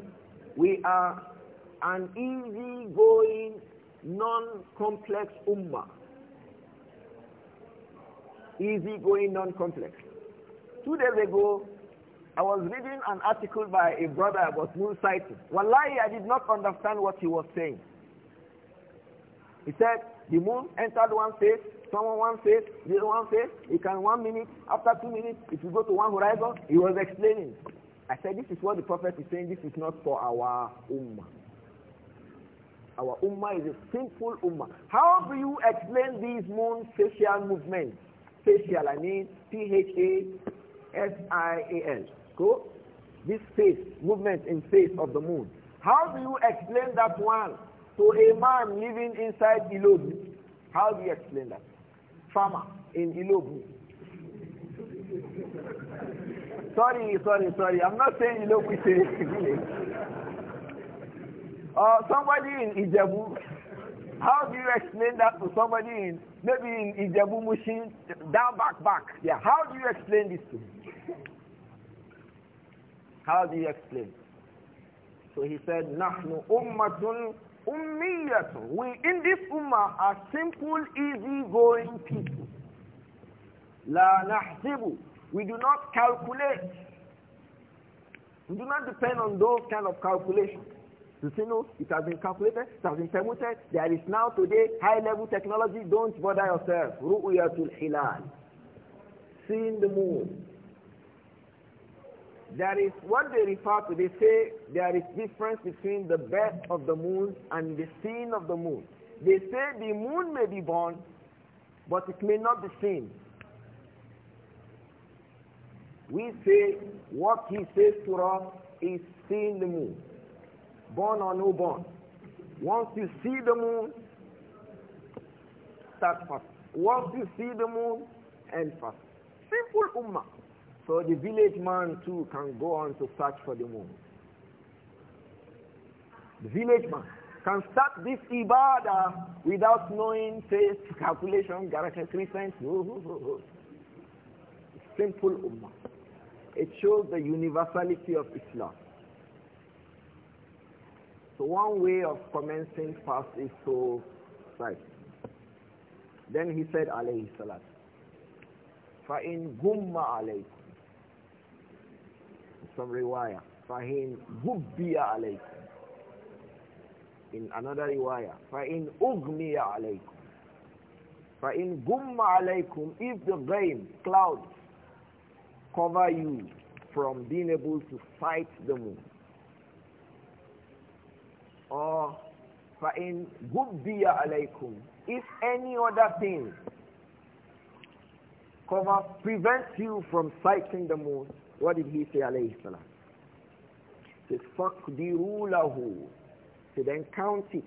We are an easy-going, non-complex ummah. Easy-going, non-complex. Two days ago, I was reading an article by a brother was moon sighting. Wallahi, I did not understand what he was saying. He said, the moon entered one phase, someone one phase, the other one phase. it can one minute, after two minutes, if you go to one horizon, he was explaining. I said, this is what the prophet is saying, this is not for our ummah. Our ummah is a sinful ummah. How do you explain these moon facial movements? Facial, I mean P-H-A-S-I-A-L. Go. This face, movement in face of the moon. How do you explain that one to a man living inside Ilobu? How do you explain that? Farmer in Ilobu. sorry, sorry, sorry. I'm not saying Ilobu is (laughs) Or uh, somebody in Ijebu. How do you explain that to somebody in, maybe in Ijebu Mushin, down back back? Yeah, how do you explain this to me? How do you explain? So he said, Nahnu ummatun ummiyatun. We in this ummah are simple, easy-going people. La nahzibu. We do not calculate. We do not depend on those kind of calculations. You say, no, it has been calculated, it has been permitted. There is now today high-level technology. Don't bother yourself. Ru'yatul hilal. Seeing the moon. There is what they refer to. They say there is difference between the birth of the moon and the seeing of the moon. They say the moon may be born, but it may not be seen. We say what he says to us is seeing the moon born or no born. Once you see the moon, start fast. Once you see the moon, end fast. Simple ummah. So the village man too can go on to search for the moon. The village man can start this ibadah without knowing faith, calculation, garage, three cents. Simple ummah. It shows the universality of Islam. So one way of commencing fast is to fight. Then he said, alayhi salat. Fa'in gumma alaykum. Some riwaya. Fa'in gubbiya alaykum. In another riwaya. Fa'in أُغْمِيَ alaykum. Fa'in gumma alaykum If the rain, clouds, cover you from being able to fight the moon or good غُبِّيَ عَلَيْكُمْ If any other thing cover prevents you from sighting the moon, what did he say alayhi salam? He said, فَقْدِرُوا لَهُ So then count it,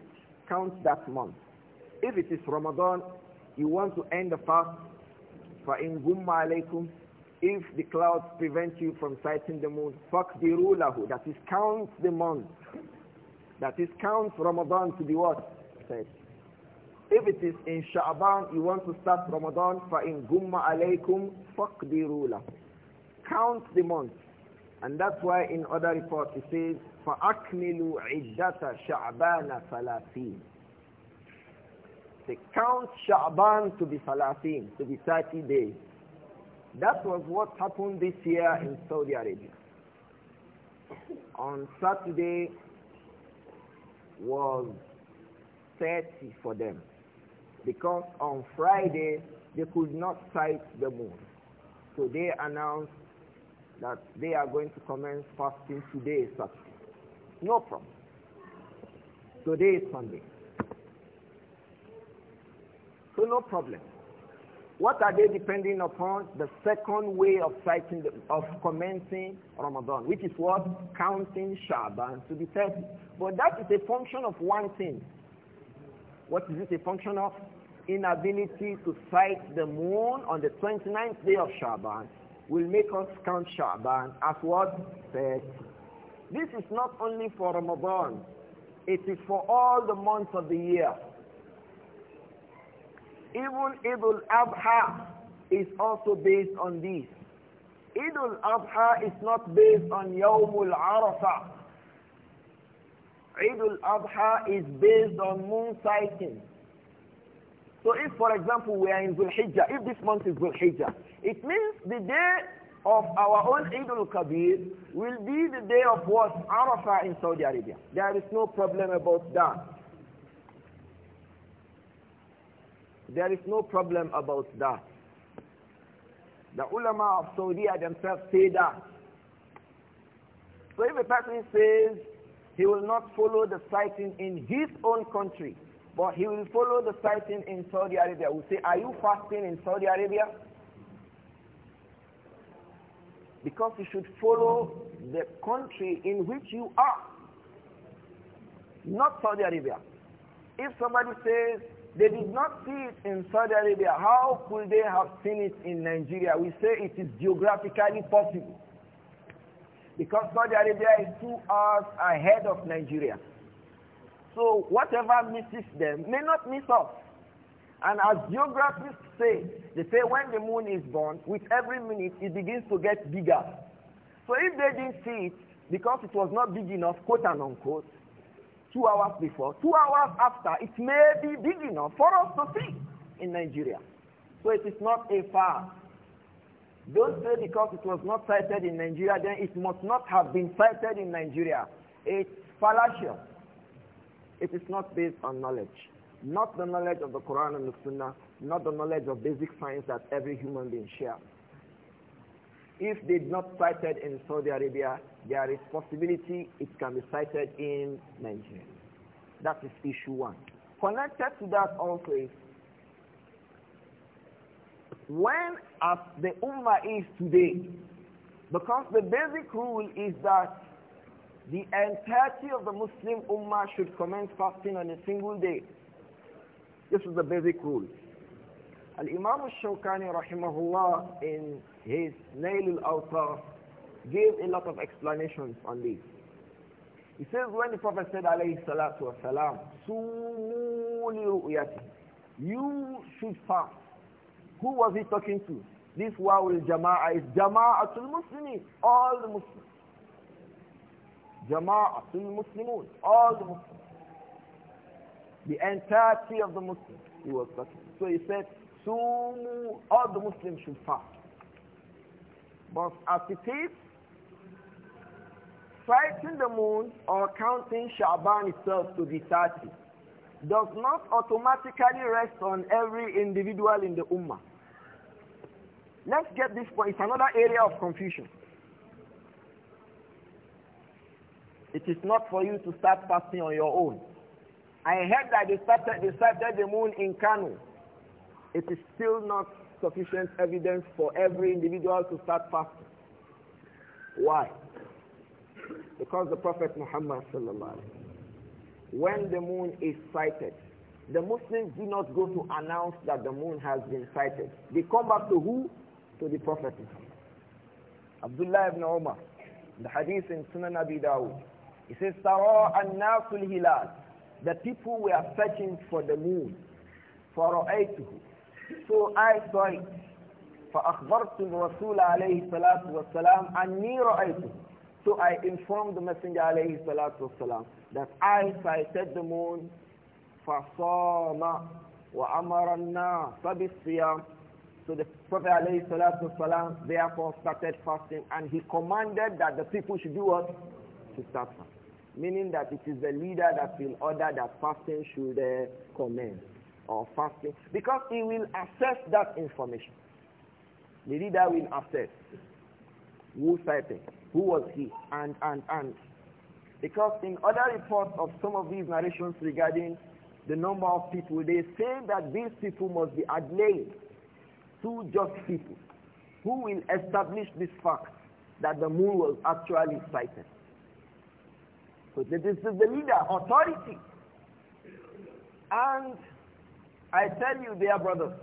count that month. If it is Ramadan, you want to end the fast, فَإِنْ غُمَّ عَلَيْكُمْ If the clouds prevent you from sighting the moon, فَقْدِرُوا لَهُ That is count the month. That is, count Ramadan to be what? Said. If it is in Sha'ban, you want to start Ramadan, فَإِن غُمَّ عَلَيْكُمْ فَقْدِرُوا لَهُ Count the month. And that's why in other reports it says, فَأَكْمِلُوا عِدَّةَ شَعْبَانَ ثَلَاثِينَ They count Sha'ban to be Salafin to be 30 days. That was what happened this year in Saudi Arabia. On Saturday, was 30 for them because on Friday they could not sight the moon. So they announced that they are going to commence fasting today, Saturday. No problem. Today is Sunday. So no problem. What are they depending upon? The second way of citing, of commencing Ramadan, which is what? Counting Shaban to the 30. But that is a function of one thing. What is it a function of? Inability to cite the moon on the 29th day of Shaban will make us count Shaban as what? 30. This is not only for Ramadan. It is for all the months of the year. Even Idul Abha is also based on this. Idul Adha is not based on Yawmul Arafah. Idul Adha is based on moon sighting. So if, for example, we are in Zulhijjah, if this month is Zulhijjah, it means the day of our own Idul Kabir will be the day of what? Arafah in Saudi Arabia. There is no problem about that. There is no problem about that. The ulama of Saudi themselves say that. So if a person says he will not follow the sighting in his own country, but he will follow the sighting in Saudi Arabia, we say, are you fasting in Saudi Arabia? Because you should follow the country in which you are, not Saudi Arabia. If somebody says, they did not see it in Saudi Arabia. How could they have seen it in Nigeria? We say it is geographically possible. Because Saudi Arabia is two hours ahead of Nigeria. So whatever misses them may not miss us. And as geographers say, they say when the moon is born, with every minute it begins to get bigger. So if they didn't see it, because it was not big enough, quote and unquote, two hours before, two hours after, it may be big enough for us to see in Nigeria. So it is not a far. Don't say because it was not cited in Nigeria, then it must not have been cited in Nigeria. It's fallacious. It is not based on knowledge. Not the knowledge of the Quran and the Sunnah, not the knowledge of basic science that every human being shares. If they did not cited in Saudi Arabia, their responsibility it can be cited in Nigeria. That is issue one. Connected to that also is when as the Ummah is today, because the basic rule is that the entirety of the Muslim Ummah should commence fasting on a single day. This is the basic rule. Al-Imam al-Shawkani rahimahullah in his Nail al-Awtar gave a lot of explanations on this. He says when the Prophet said alayhi salatu wasalam, you should fast. Who was he talking to? This wawul Jamaa is jama'atul muslimin, all the Muslims. Jama'atul muslimun, all the Muslims. The entirety of the Muslims he was talking. So he said, sumu, all the Muslims should fast. But as it is, sighting the moon or counting Shaban itself to be 30 does not automatically rest on every individual in the Ummah. Let's get this point. It's another area of confusion. It is not for you to start fasting on your own. I heard that they started, they started the moon in Kano it is still not sufficient evidence for every individual to start fasting. Why? Because the Prophet Muhammad when the moon is sighted, the Muslims do not go to announce that the moon has been sighted. They come back to who? To the Prophet. Abdullah ibn Umar, the hadith in Sunan Abi Dawud. He says, Tara and nasul hilal. The people were searching for the moon. فَرَأَيْتُهُ so I saw it. فأخبرت الرسول عليه الصلاة والسلام أني رأيته. So I informed the messenger عليه الصلاة والسلام that I sighted the moon فصام وأمر الناس بالصيام. So the Prophet عليه الصلاة والسلام therefore started fasting and he commanded that the people should do what? To start fasting. Meaning that it is the leader that will order that fasting should uh, commence or fasting because he will assess that information. The leader will assess who cited, who was he, and, and, and. Because in other reports of some of these narrations regarding the number of people, they say that these people must be adlaid two just people who will establish this fact that the moon was actually sighted. So this is the leader, authority. And I tell you, dear brothers,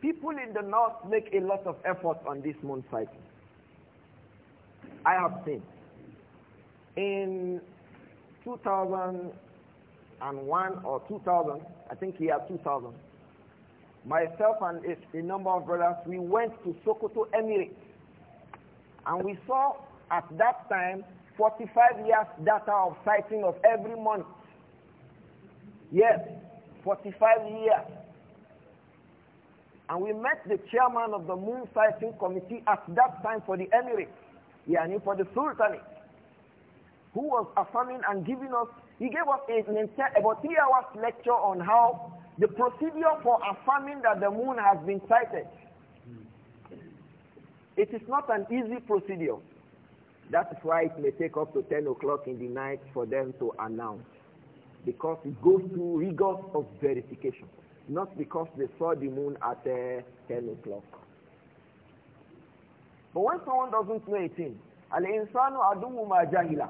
people in the north make a lot of effort on this moon cycle. I have seen. In 2001 or 2000, I think year 2000, myself and a, number of brothers, we went to Sokoto Emirate. And we saw at that time 45 years data of sighting of every month. Yes, 45 years. And we met the chairman of the moon sighting committee at that time for the Emirates, yani for the sultanate, who was affirming and giving us, he gave us an entire, about three hours lecture on how the procedure for affirming that the moon has been sighted. It is not an easy procedure. That's why it may take up to 10 o'clock in the night for them to announce because it goes through rigors of verification, not because they saw the moon at uh, 10 o'clock. But when someone doesn't know a thing, al-insanu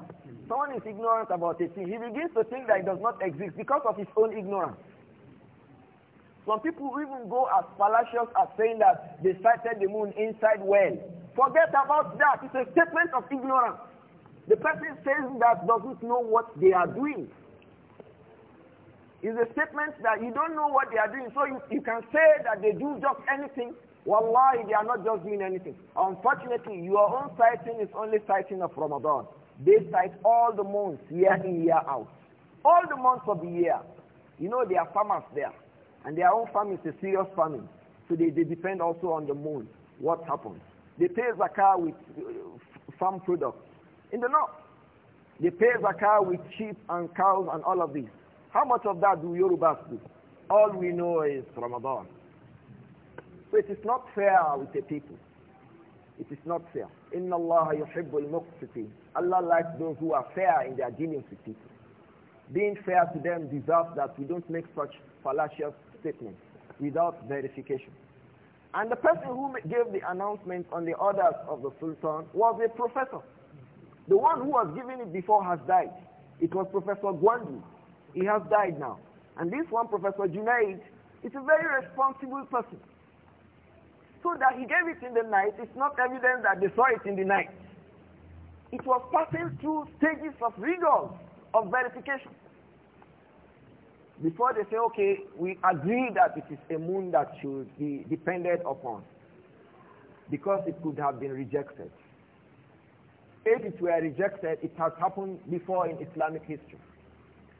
someone is ignorant about a thing, he begins to think that it does not exist because of his own ignorance. Some people even go as fallacious as saying that they sighted the moon inside well. Forget about that. It's a statement of ignorance. The person says that doesn't know what they are doing is a statement that you don't know what they are doing. So you, you can say that they do just anything. Wallahi, they are not just doing anything. Unfortunately, your own sighting is only sighting of Ramadan. They sight all the months, year in, year out. All the months of the year. You know, they are farmers there. And their own farm is a serious farming. So they, they depend also on the moon. What happens? They pay zakah with uh, farm products. In the north, they pay zakah with sheep and cows and all of these. How much of that do Yorubas do? All we know is Ramadan. So it is not fair with the people. It is not fair. Inna Allah yuhibbul muqsitin. Allah likes those who are fair in their dealings with people. Being fair to them deserves that we don't make such fallacious statements without verification. And the person who gave the announcement on the orders of the Sultan was a professor. The one who was giving it before has died. It was Professor Gwandu. He has died now. And this one, Professor Junaid, is a very responsible person. So that he gave it in the night it's not evidence that they saw it in the night. It was passing through stages of rigor of verification. Before they say, okay, we agree that it is a moon that should be depended upon because it could have been rejected. If it were rejected, it has happened before in Islamic history.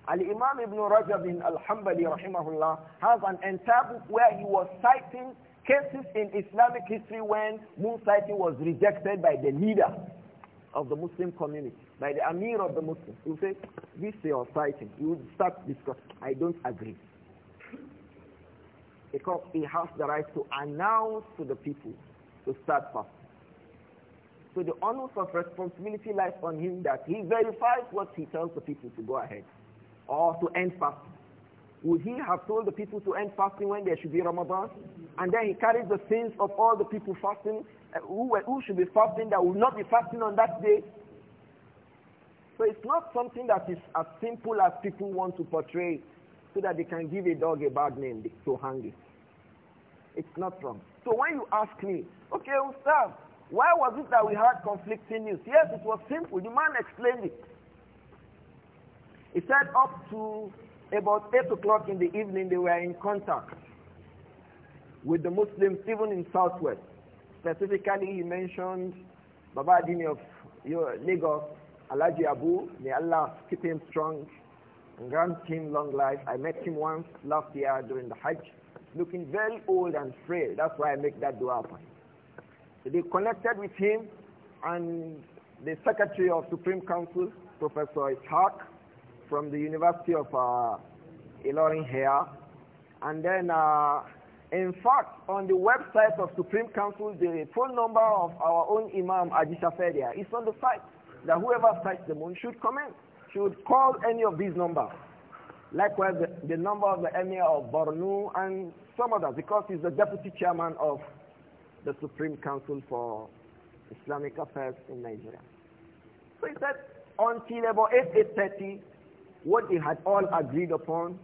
Al-Imam Ibn Rajab bin Al-Hambali rahimahullah has an entire book where he was citing cases in Islamic history when moonsighting was rejected by the leader of the Muslim community, by the Amir of the Muslims. You say, this is your citing. You would start discussing. I don't agree. Because he has the right to announce to the people to start fasting. So the onus of responsibility lies on him that he verifies what he tells the people to go ahead or to end fasting? Would he have told the people to end fasting when there should be Ramadan? And then he carries the sins of all the people fasting, uh, who, uh, who should be fasting that will not be fasting on that day? So it's not something that is as simple as people want to portray so that they can give a dog a bad name to hang it. It's not wrong. So when you ask me, okay, Ustaz, why was it that we had conflicting news? Yes, it was simple. The man explained it said up to about 8 o'clock in the evening they were in contact with the Muslims even in Southwest. Specifically, he mentioned Baba Adini of Lagos, Alaji Abu, may Allah keep him strong and grant him long life. I met him once last year during the Hajj, looking very old and frail. That's why I make that dua for So they connected with him and the Secretary of Supreme Council, Professor Ishaq, from the University of uh, Ilorin here. And then, uh, in fact, on the website of Supreme Council, the phone number of our own Imam Ajisha Fedia is on the site that whoever sights the moon should comment, should call any of these numbers. Likewise, the, the number of the Emir of Bornu and some others, because he's the deputy chairman of the Supreme Council for Islamic Affairs in Nigeria. So he said, until about 8, 8.30, what they had all agreed upon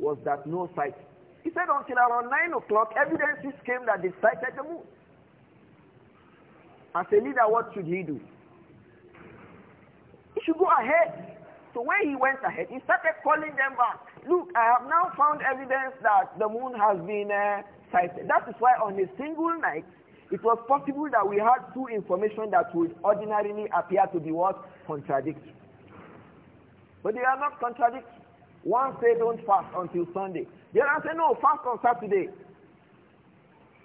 was that no sight. He said until around 9 o'clock, evidences came that they sighted the moon. As a leader, what should he do? He should go ahead. So when he went ahead, he started calling them back. Look, I have now found evidence that the moon has been uh, sighted. That is why on a single night, it was possible that we had two information that would ordinarily appear to be what? Contradictory. But they are not contradictory. One say don't fast until Sunday. The other say no, fast on Saturday.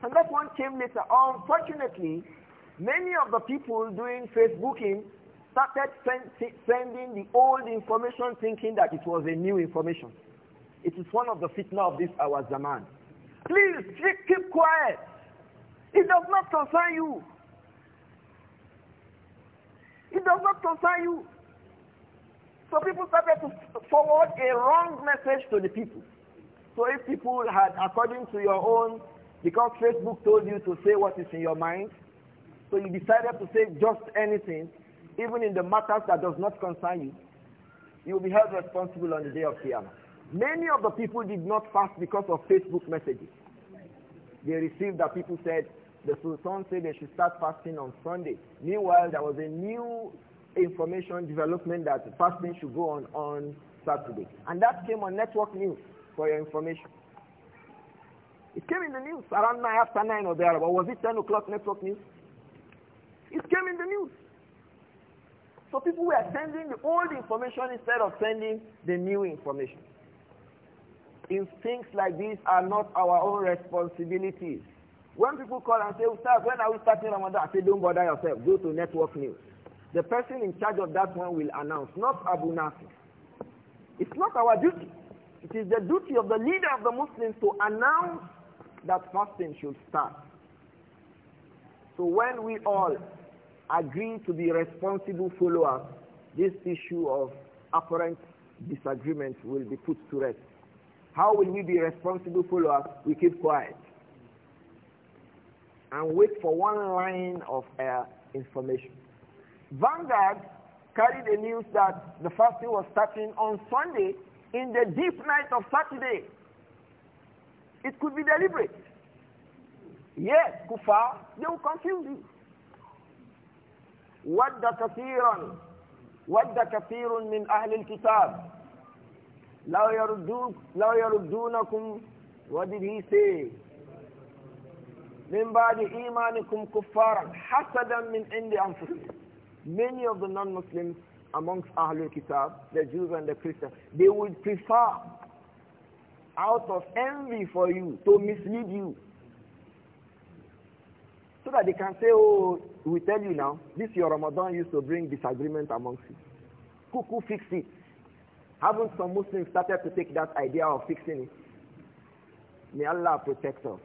And that one came later. Unfortunately, many of the people doing Facebooking started sending the old information thinking that it was a new information. It is one of the fitna of this our zaman. Please keep quiet. It does not concern you. It does not concern you. So people started to forward a wrong message to the people. So if people had, according to your own, because Facebook told you to say what is in your mind, so you decided to say just anything, even in the matters that does not concern you, you will be held responsible on the day of Qiyamah. Many of the people did not fast because of Facebook messages. They received that people said, the Sultan said they should start fasting on Sunday. Meanwhile, there was a new information development that fasting should go on on Saturday. And that came on network news for your information. It came in the news around 9 after 9 or thereabout. Was it 10 o'clock network news? It came in the news. So people were sending the old information instead of sending the new information. If things like these are not our own responsibilities. When people call and say, Ustaz, when are we starting Ramadan? I say, don't bother yourself. Go to network news. The person in charge of that one will announce, not Abu Nasir. It's not our duty. It is the duty of the leader of the Muslims to announce that fasting should start. So when we all agree to be responsible followers, this issue of apparent disagreement will be put to rest. How will we be responsible followers? We keep quiet and wait for one line of uh, information. Vanguard carried the news that the fasting was starting on Sunday in the deep night of Saturday. It could be deliberate. Yes, kuffar, they will confuse you. What the ود كثير من أهل الكتاب لو يردون لو يردونكم what did he say من بعد إيمانكم كفارا حسدا من indi أنفسهم many of the non-Muslims amongst Ahlul Kitab, the Jews and the Christians, they would prefer out of envy for you to mislead you. So that they can say, oh, we tell you now, this your Ramadan used to bring disagreement amongst you. Cuckoo, fix it. Haven't some Muslims started to take that idea of fixing it? May Allah protect us.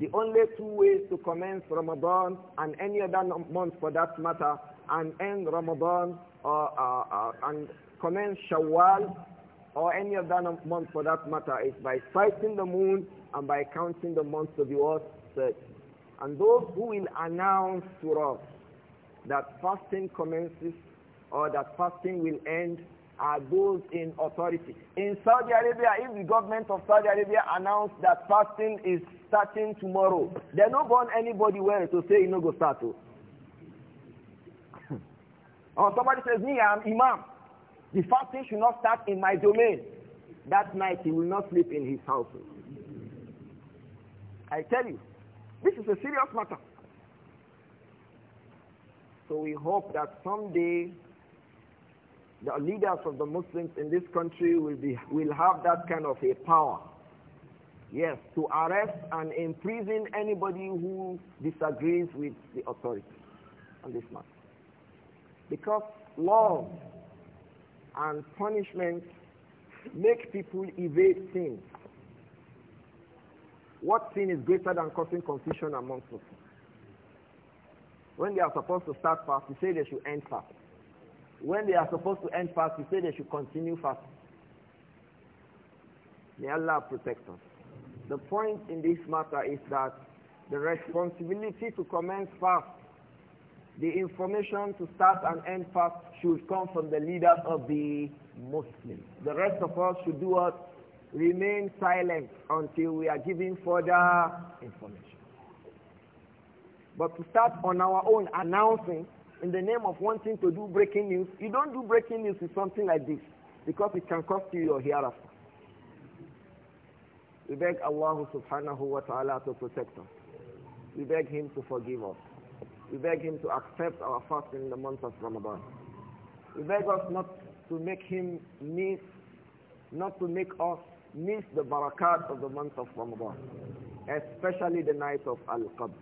The only two ways to commence Ramadan and any other month for that matter and end Ramadan or uh, uh, and commence Shawwal or any other month for that matter is by sighting the moon and by counting the months of your search. And those who will announce to us that fasting commences or that fasting will end are those in authority. In Saudi Arabia, if the government of Saudi Arabia announced that fasting is starting tomorrow, they are not going anybody where to say it no go start. To. Or somebody says, me, I'm imam. The fasting should not start in my domain. That night he will not sleep in his house. I tell you, this is a serious matter. So we hope that someday the leaders of the Muslims in this country will, be, will have that kind of a power. Yes, to arrest and imprison anybody who disagrees with the authority on this matter. Because love and punishment make people evade sin. What sin is greater than causing confusion amongst us? When they are supposed to start fast, you say they should end fast. When they are supposed to end fast, you say they should continue fast. May Allah protect us. The point in this matter is that the responsibility to commence fast the information to start and end fast should come from the leaders of the Muslims. The rest of us should do what? Remain silent until we are given further information. But to start on our own announcing in the name of wanting to do breaking news, you don't do breaking news with something like this because it can cost you your hereafter. We beg Allah subhanahu wa ta'ala to protect us. We beg Him to forgive us. We beg him to accept our fasting in the month of Ramadan. We beg us not to make him miss, not to make us miss the barakat of the month of Ramadan, especially the night of Al-Qadr.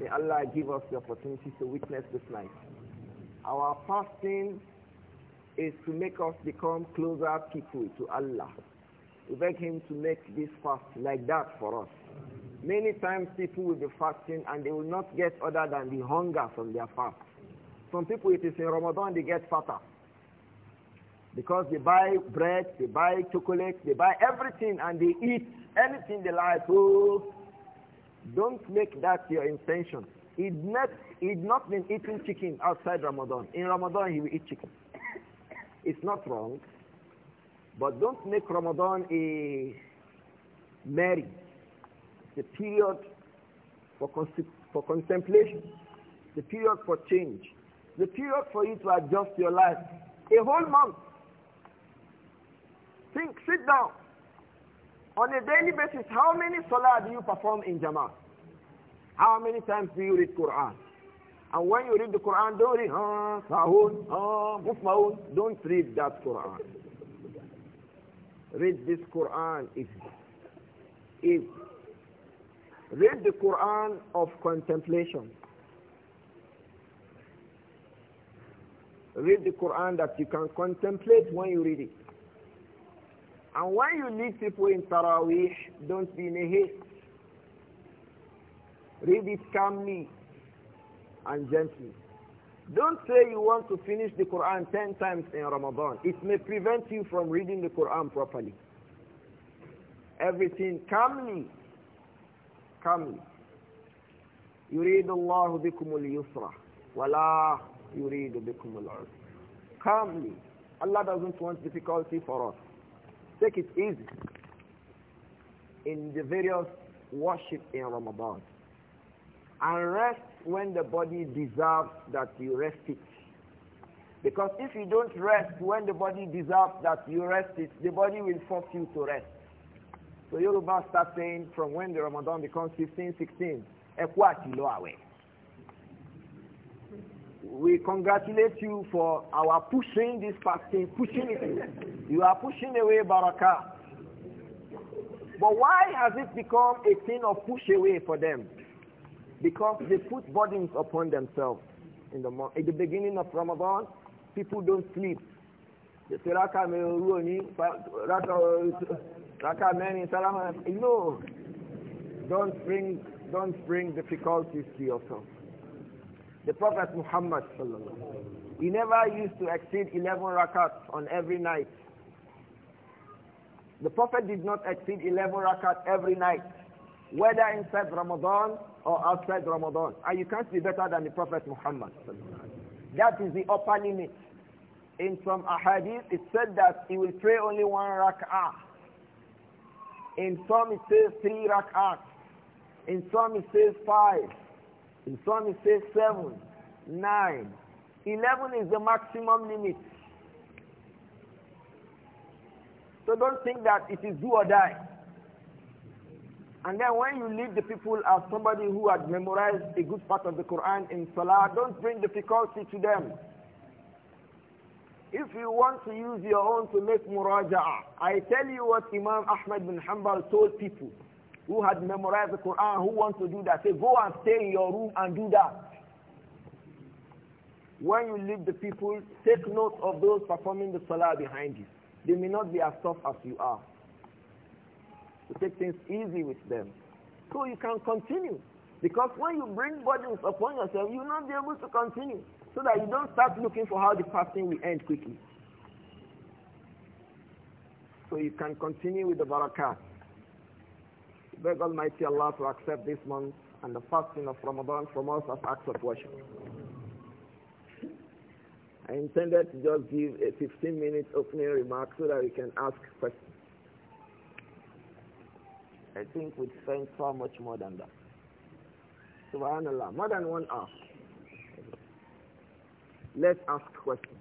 May Allah give us the opportunity to witness this night. Our fasting is to make us become closer people to Allah. We beg him to make this fast like that for us. Many times people will be fasting and they will not get other than the hunger from their fast. Some people, it is in Ramadan, they get fatter. Because they buy bread, they buy chocolate, they buy everything and they eat anything they like. Oh, don't make that your intention. He'd not, he'd not been eating chicken outside Ramadan. In Ramadan, he will eat chicken. It's not wrong. But don't make Ramadan a merry the period for, for contemplation, the period for change, the period for you to adjust your life, a whole month. Think, sit down. On a daily basis, how many salah do you perform in Jama'at? How many times do you read Quran? And when you read the Quran, don't read, ah, sahun, ah, mufmaun. Don't read that Quran. Read this Quran. If, if Read the Quran of contemplation. Read the Quran that you can contemplate when you read it. And when you lead people in Taraweeh, don't be in a haste. Read it calmly and gently. Don't say you want to finish the Quran 10 times in Ramadan. It may prevent you from reading the Quran properly. Everything calmly Kamil. يريد الله بكم اليسر ولا يريد بكم العسر. Calmly. Allah doesn't want difficulty for us. Take it easy. In the various worship in Ramadan. And rest when the body deserves that you rest it. Because if you don't rest when the body deserves that you rest it, the body will force you to rest. So Yoruba start saying from when the Ramadan becomes 15, 16, we congratulate you for our pushing this fasting, pushing it. You are pushing away barakah. But why has it become a thing of push away for them? Because they put burdens upon themselves. In the, at the beginning of Ramadan, people don't sleep. Raka many salah, No, don't bring don't bring difficulties to yourself. The Prophet Muhammad he never used to exceed 11 rakats on every night. The Prophet did not exceed 11 rakats every night, whether inside Ramadan or outside Ramadan. And you can't be better than the Prophet Muhammad. That is the upper limit. In some ahadith, it said that he will pray only one rak'ah. In some it says three rak'at. In some it says five. In some it says seven, nine. Eleven is the maximum limit. So don't think that it is do or die. And then when you lead the people as somebody who had memorized a good part of the Quran in Salah, don't bring difficulty to them. If you want to use your own to make muraja'ah, I tell you what Imam Ahmad bin Hanbal told people who had memorized the Quran who want to do that. Say, go and stay in your room and do that. When you leave the people, take note of those performing the salah behind you. They may not be as tough as you are. So take things easy with them. So you can continue. Because when you bring burdens upon yourself, you'll not be able to continue so that you don't start looking for how the fasting will end quickly. So you can continue with the barakat. Beg Almighty Allah to accept this month and the fasting of Ramadan from us as acts of worship. I intended to just give a 15 minute opening remark so that we can ask questions. I think we would spend far much more than that. Subhanallah, more than one hour. Let's ask questions.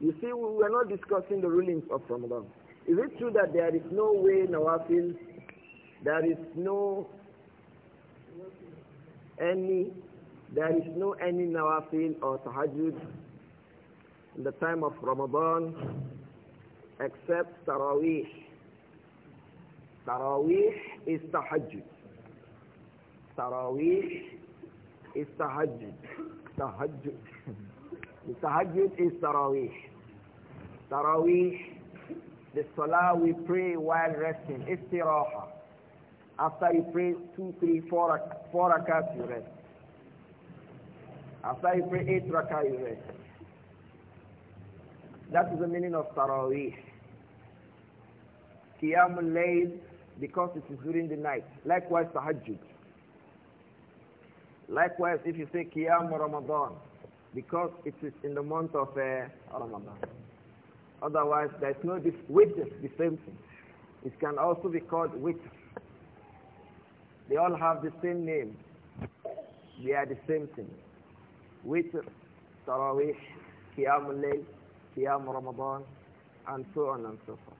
You see, we were not discussing the rulings of Ramadan. Is it true that there is no way Nawafil, there is no any, there is no any Nawafil or Tahajjud in the time of Ramadan except Taraweeh. Taraweeh is Tahajjud. Taraweeh is Tahajjud. Tahajjud. (laughs) The tahajjud is tarawih. Tarawih, the salah we pray while resting, istiraha. After you pray two, three, four, four rakats, you rest. After you pray eight rakats, you rest. That is the meaning of tarawih. Qiyamul layl, because it is during the night. Likewise, tahajjud. Likewise, if you say Qiyam Ramadan, because it is in the month of uh, Ramadan. Otherwise, there is no witness, the same thing. It can also be called witness. They all have the same name. They are the same thing. Witr, Taraweeh, Qiyam al-Layl, Qiyam Ramadan, and so on and so forth.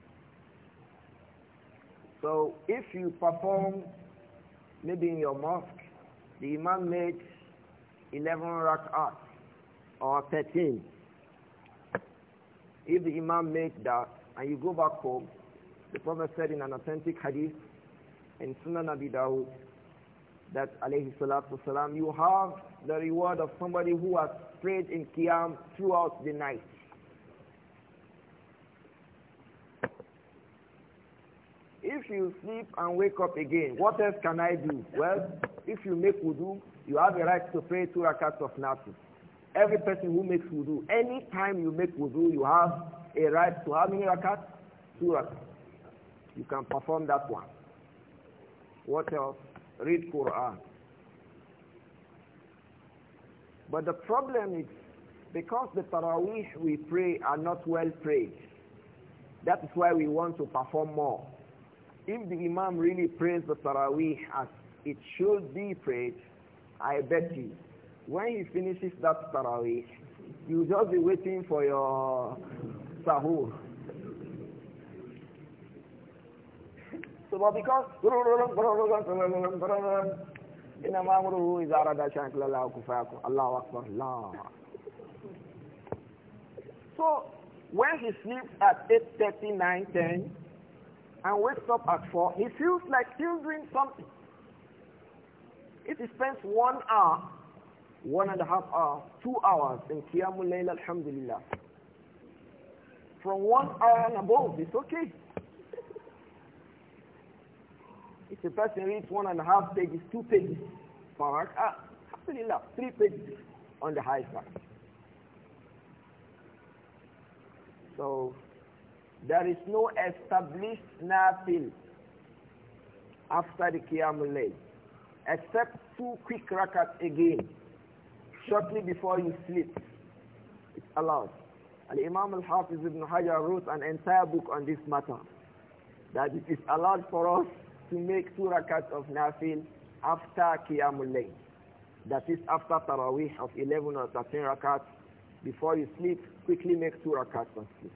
So if you perform, maybe in your mosque, the imam made 11 rak'ahs or 13. If the Imam makes that and you go back home, the Prophet said in an authentic hadith in Sunan Abi Dawud that alayhi salatu salam, you have the reward of somebody who has prayed in Qiyam throughout the night. If you sleep and wake up again, what else can I do? Well, if you make wudu, you have the right to pray two rakats of Nafis. Every person who makes wudu, any time you make wudu, you have a right to how many rakat? Two rakat. You can perform that one. What else? Read Quran. But the problem is because the Taraweeh we pray are not well prayed. That is why we want to perform more. If the Imam really prays the Taraweeh as it should be prayed, I bet you when he finishes that he you just be waiting for your sahur. So, but because إنما أمره So when he sleeps at 8:30, 9:10, and wakes up at 4, he feels like still doing something. If he spends one hour one and a half hours, two hours in Qiyamul Layl, alhamdulillah. From one hour and above, it's okay. If a person reads one and a half pages, two pages, per ah, alhamdulillah, three pages on the high side. So, there is no established nafil after the Qiyamul Layl, except two quick rakats again shortly before you sleep. It's allowed. And Imam al-Hafiz ibn Hajar wrote an entire book on this matter. That it is allowed for us to make two rakats of nafil after Qiyamul Layl. That is after Tarawih of 11 or 13 rakats. Before you sleep, quickly make two rakats of sleep.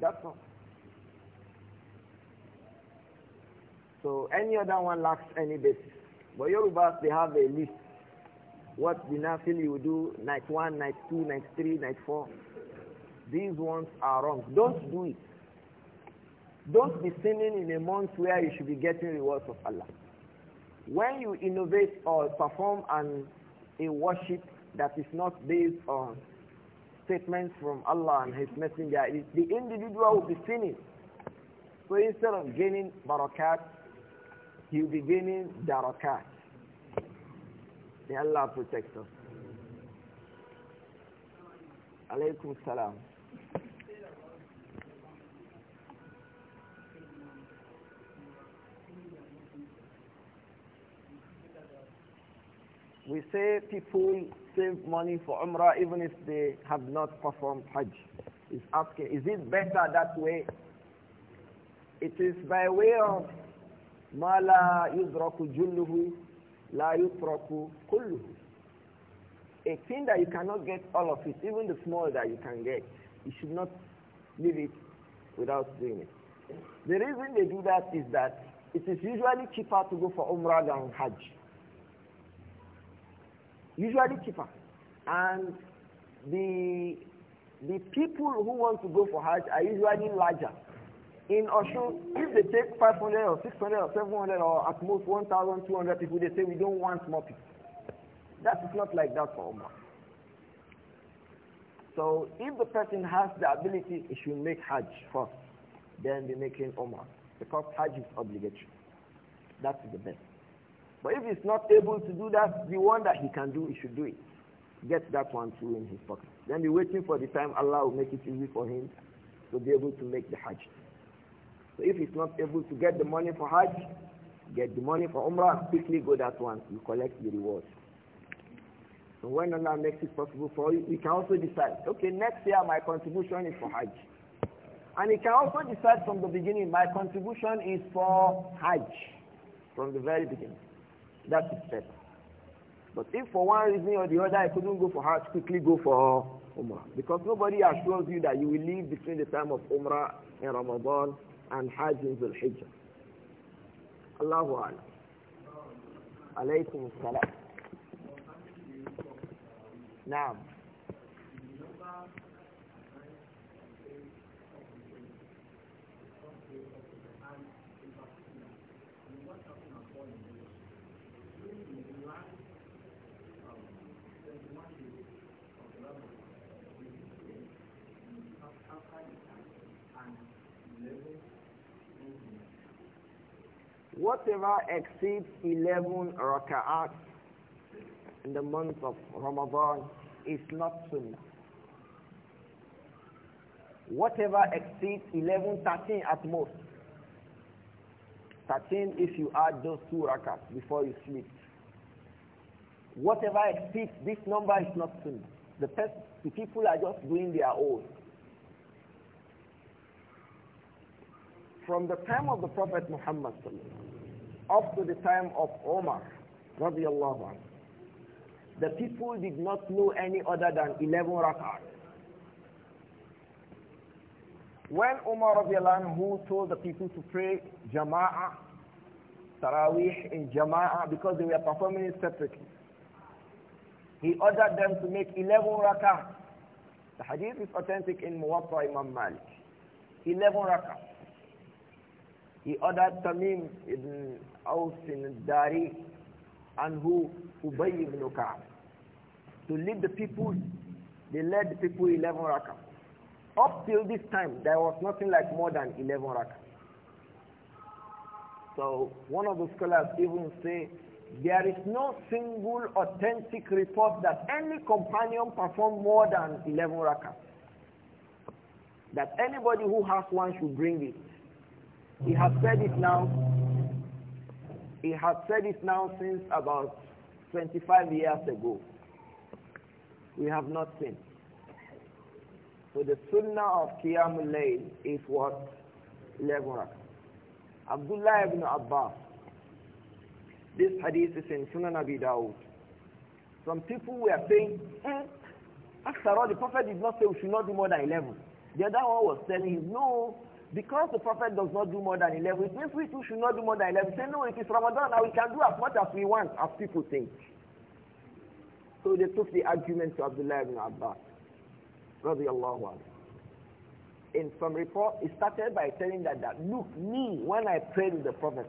That's all. So any other one lacks any basis. But Yorubas, they have a list what the nafil you do, night 1, night 2, night 3, night 4. These ones are wrong. Don't do it. Don't be sinning in a month where you should be getting rewards of Allah. When you innovate or perform an, a worship that is not based on statements from Allah and His Messenger, the individual will be sinning. So instead of gaining barakat, he will be gaining darakat. May Allah protect us. Alaykum salam. We say people save money for Umrah even if they have not performed Hajj. Is asking, is it better that way? It is by way of mala yuzraku julluhu La yutraku kulluhu. A thing that you cannot get all of it, even the small that you can get, you should not leave it without doing it. The reason they do that is that it is usually cheaper to go for Umrah than Hajj. Usually cheaper. And the, the people who want to go for Hajj are usually larger in Oshun, if they take 500 or 600 or 700 or at most 1,200 people, they say we don't want more people. That is not like that for Omar. So if the person has the ability, he should make Hajj first, then be making Omar, Because Hajj is obligatory. That's the best. But if he's not able to do that, the one that he can do, he should do it. Get that one too in his pocket. Then be waiting for the time Allah will make it easy for him to be able to make the Hajj. So if he's not able to get the money for Hajj, get the money for Umrah, quickly go that one. You collect the reward. So when Allah makes it possible for you, you can also decide, okay, next year my contribution is for Hajj. And you can also decide from the beginning, my contribution is for Hajj, from the very beginning. That's it. Better. But if for one reason or the other I couldn't go for Hajj, quickly go for Umrah. Because nobody assures you that you will leave between the time of Umrah and Ramadan and Hajj in Dhul Hijjah. Allahu Alam. Alaykum Salam. Naam. Whatever exceeds 11 raka'at in the month of Ramadan is not sunnah. Whatever exceeds 11, 13 at most. 13 if you add those two rakats before you sleep. Whatever exceeds this number is not sunnah. The, the people are just doing their own. From the time of the Prophet Muhammad sallallahu up to the time of Omar, radiallahu anhu, the people did not know any other than 11 rak'ah. When Umar who told the people to pray jama'ah, tarawih in jama'ah because they were performing it separately, he ordered them to make 11 rak'ah. The hadith is authentic in Muwatta Imam Malik. 11 rak'ah. He ordered Tamim ibn Aus al-Dari and who Ubay ibn Ka'b to lead the people they led the people 11 raka. up till this time there was nothing like more than 11 raka. so one of the scholars even say there is no single authentic report that any companion performed more than 11 raka. that anybody who has one should bring it he has said it now he has said it now since about 25 years ago. We have not seen. So the sunnah of Qiyamul Layl is what? 11 Abdullah ibn Abbas. This hadith is in Sunan Abi Dawud. Some people were saying, eh, after all, the Prophet did not say we should not do more than 11. The other one was telling him, no, because the Prophet does not do more than 11, it means we too should not do more than 11. Say, no, it is Ramadan now; we can do as much as we want, as people think. So they took the argument to Abdullah ibn Abbas. Radiallahu Was. In some report, he started by telling that, that look, me, when I prayed with the Prophet,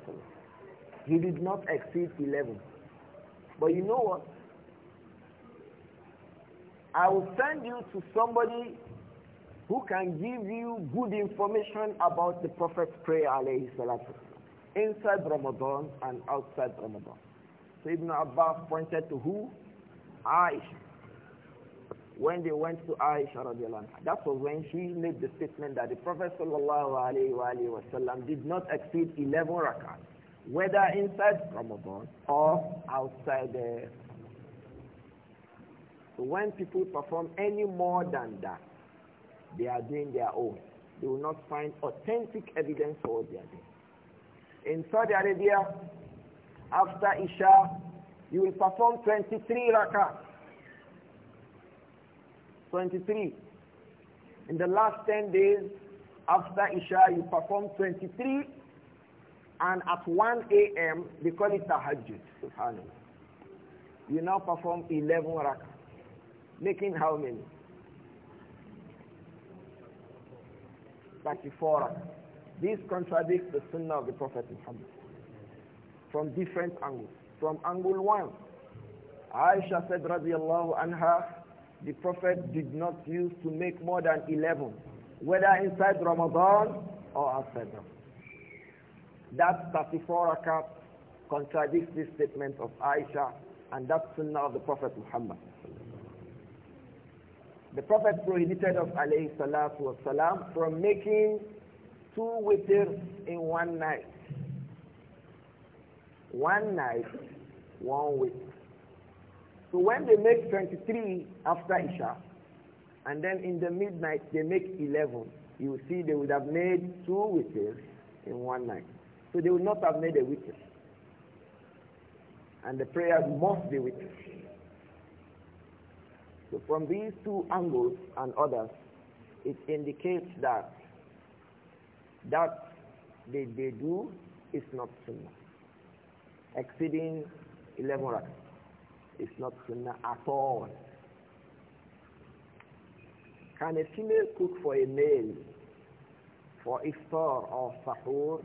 he did not exceed 11. But you know what? I will send you to somebody who can give you good information about the Prophet's prayer alayhi salatu inside Ramadan and outside Ramadan. So Ibn Abbas pointed to who? Aisha. When they went to Aisha radiallahu anha, that was when she made the statement that the Prophet sallallahu did not exceed 11 rak'ahs, whether inside Ramadan or outside the so when people perform any more than that, they are doing their own. They will not find authentic evidence for what they are doing. In Saudi Arabia, after Isha, you will perform 23 rakah. 23. In the last 10 days, after Isha, you perform 23 and at 1 a.m., they call it tahajjud, subhanAllah. You now perform 11 rakah, making how many? 34 us. This contradicts the sunnah of the Prophet Muhammad from different angles. From angle one, Aisha said, radiallahu anha, the Prophet did not use to make more than 11, whether inside Ramadan or outside Ramadan. That 34 rakat contradicts this statement of Aisha and that sunnah of the Prophet Muhammad. The Prophet prohibited of alayhi salatu wasalam, from making two witr in one night. One night, one week. So when they make 23 after Isha, and then in the midnight they make 11, you see they would have made two witr in one night. So they would not have made a witr. And the prayer must be witr. So from these two angles and others, it indicates that that they, they do is not sunnah. Exceeding 11 rakah is not sunnah at all. Can a female cook for a male for iftar or sahur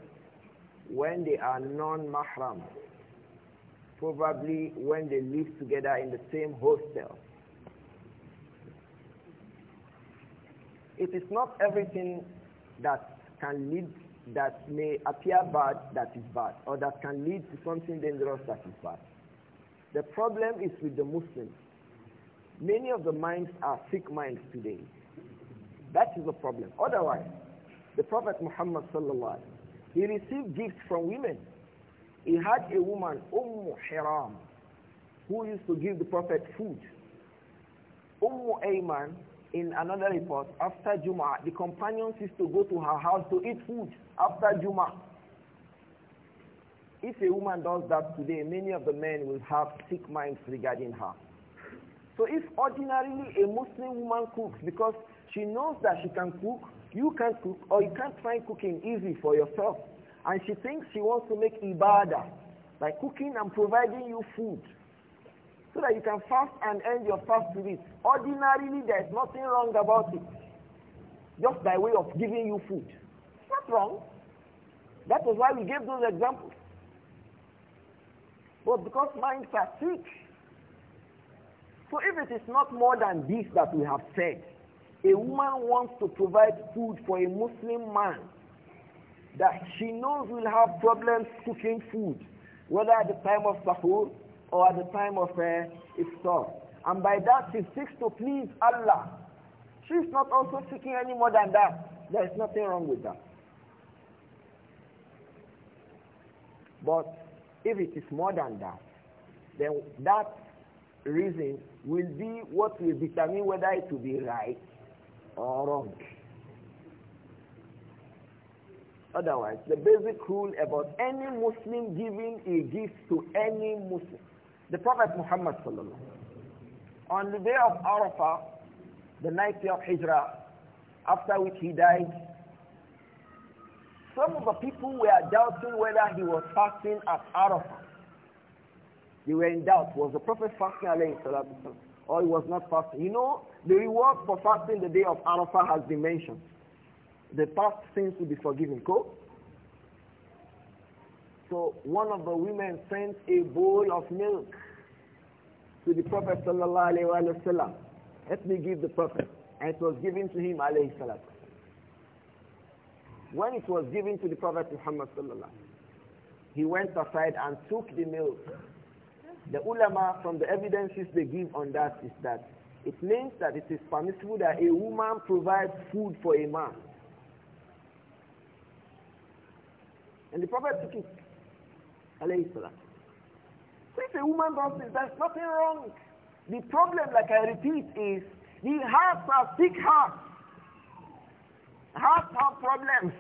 when they are non-mahram? Probably when they live together in the same hostel It is not everything that can lead, that may appear bad that is bad, or that can lead to something dangerous that is bad. The problem is with the Muslims. Many of the minds are sick minds today. That is the problem. Otherwise, the Prophet Muhammad sallallahu he received gifts from women. He had a woman, Umm Hiram, who used to give the Prophet food. Umm Ayman in another report, after Juma, the companions used to go to her house to eat food after Juma. If a woman does that today, many of the men will have sick minds regarding her. So if ordinarily a Muslim woman cooks because she knows that she can cook, you can cook, or you can't find cooking easy for yourself, and she thinks she wants to make ibadah by cooking and providing you food, so that you can fast and end your fast with it. Ordinarily, there is nothing wrong about it, just by way of giving you food. not wrong. That was why we gave those examples. But because minds are sick, so if it is not more than this that we have said, a woman wants to provide food for a Muslim man that she knows will have problems cooking food, whether at the time of sahur or at the time of uh, iftar. And by that she seeks to please Allah. She is not also seeking any more than that. There is nothing wrong with that. But if it is more than that, then that reason will be what will determine whether it will be right or wrong. Otherwise, the basic rule about any Muslim giving a gift to any Muslim the Prophet Muhammad on the day of Arafah, the night day of Hijrah, after which he died, some of the people were doubting whether he was fasting at Arafah. They were in doubt. Was the Prophet fasting or he was not fasting? You know, the reward for fasting the day of Arafah has been mentioned. The past sins will be forgiven. Cool? So one of the women sent a bowl of milk to the Prophet sallallahu Let me give the Prophet. And it was given to him alayhi When it was given to the Prophet Muhammad sallallahu he went aside and took the milk. The ulama from the evidences they give on that is that it means that it is permissible that a woman provides food for a man. And the Prophet took it alayhi salam. So if a woman does this, there's nothing wrong. The problem, like I repeat, is the hearts are sick hearts. Hearts have problems.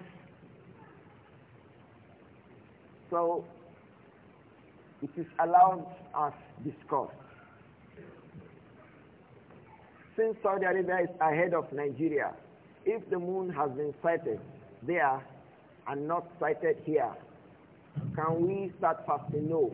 So it is allowed as discussed. Since Saudi Arabia is ahead of Nigeria, if the moon has been sighted there and not sighted here, can we start fasting? No.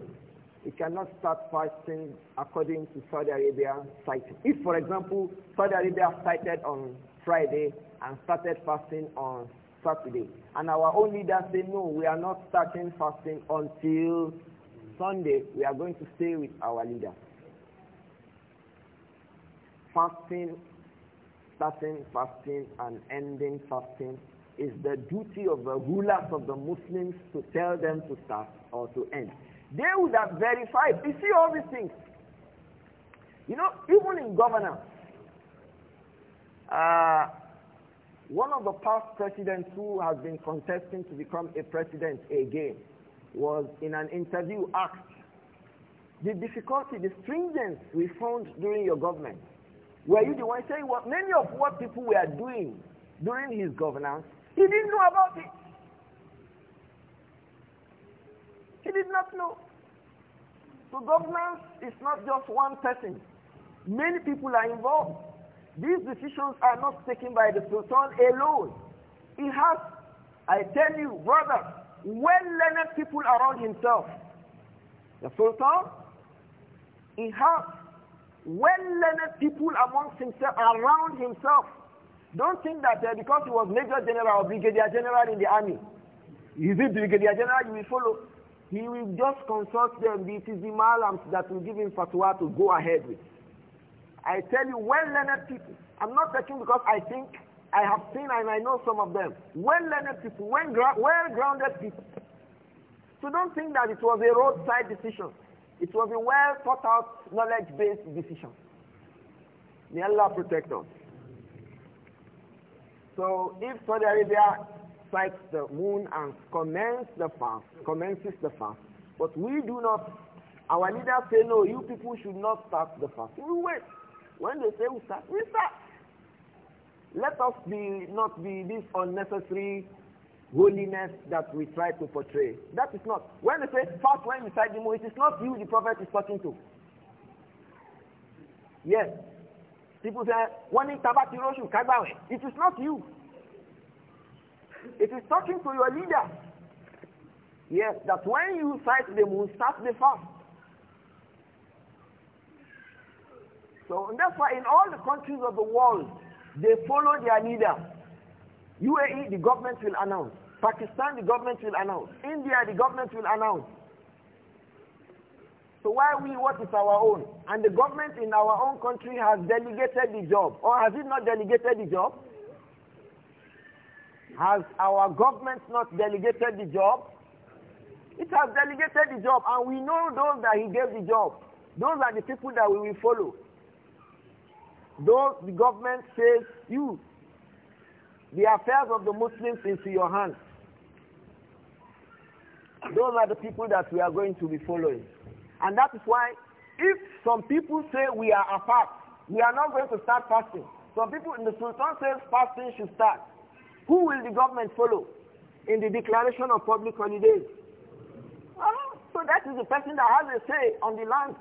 We cannot start fasting according to Saudi Arabia citing. If, for example, Saudi Arabia cited on Friday and started fasting on Saturday, and our own leader said, no, we are not starting fasting until Sunday. We are going to stay with our leader. Fasting, starting fasting, and ending fasting is the duty of the rulers of the Muslims to tell them to start or to end. They would have verified. You see all these things. You know, even in governance, uh, one of the past presidents who has been contesting to become a president again was in an interview asked, the difficulty, the stringence we found during your government, were you the one saying what many of what people were doing during his governance he didn't know about it. He did not know. So governance is not just one person. Many people are involved. These decisions are not taken by the Sultan alone. He has, I tell you, brothers, well-learned people around himself. The Sultan, he has well-learned people amongst himself, around himself. Don't think that uh, because he was major general or brigadier general in the army, is it brigadier general you will follow? He will just consult them. It is the malams that will give him fatwa to go ahead with. I tell you, well-learned people. I'm not talking because I think I have seen and I know some of them. Well-learned people, well-grounded people. So don't think that it was a roadside decision. It was a well thought out, knowledge based decision. May Allah protect us. So if Saudi Arabia sights the moon and commences the fast, commences the fast, but we do not, our leaders say, no, you people should not start the fast. We wait. When they say we start, we start. Let us be not be this unnecessary holiness that we try to portray. That is not. When they say fast when beside the moon, it is not you the prophet is talking to. Yes, People say, one in Tabati Roshu, Kagbawe. It is not you. It is talking to your leader. Yes, that when you fight them, will start the fast. So that's why in all the countries of the world, they follow their leader. UAE, the government will announce. Pakistan, the government will announce. India, the government will announce. So why we what is our own? And the government in our own country has delegated the job. Or has it not delegated the job? Has our government not delegated the job? It has delegated the job and we know those that he gave the job. Those are the people that we will follow. Those the government says, you, the affairs of the Muslims into your hands. Those are the people that we are going to be following. And that is why if some people say we are apart, we are not going to start fasting. Some people in the Sultan says fasting should start. Who will the government follow in the declaration of public holidays? Oh, so that is the person that has a say on the land.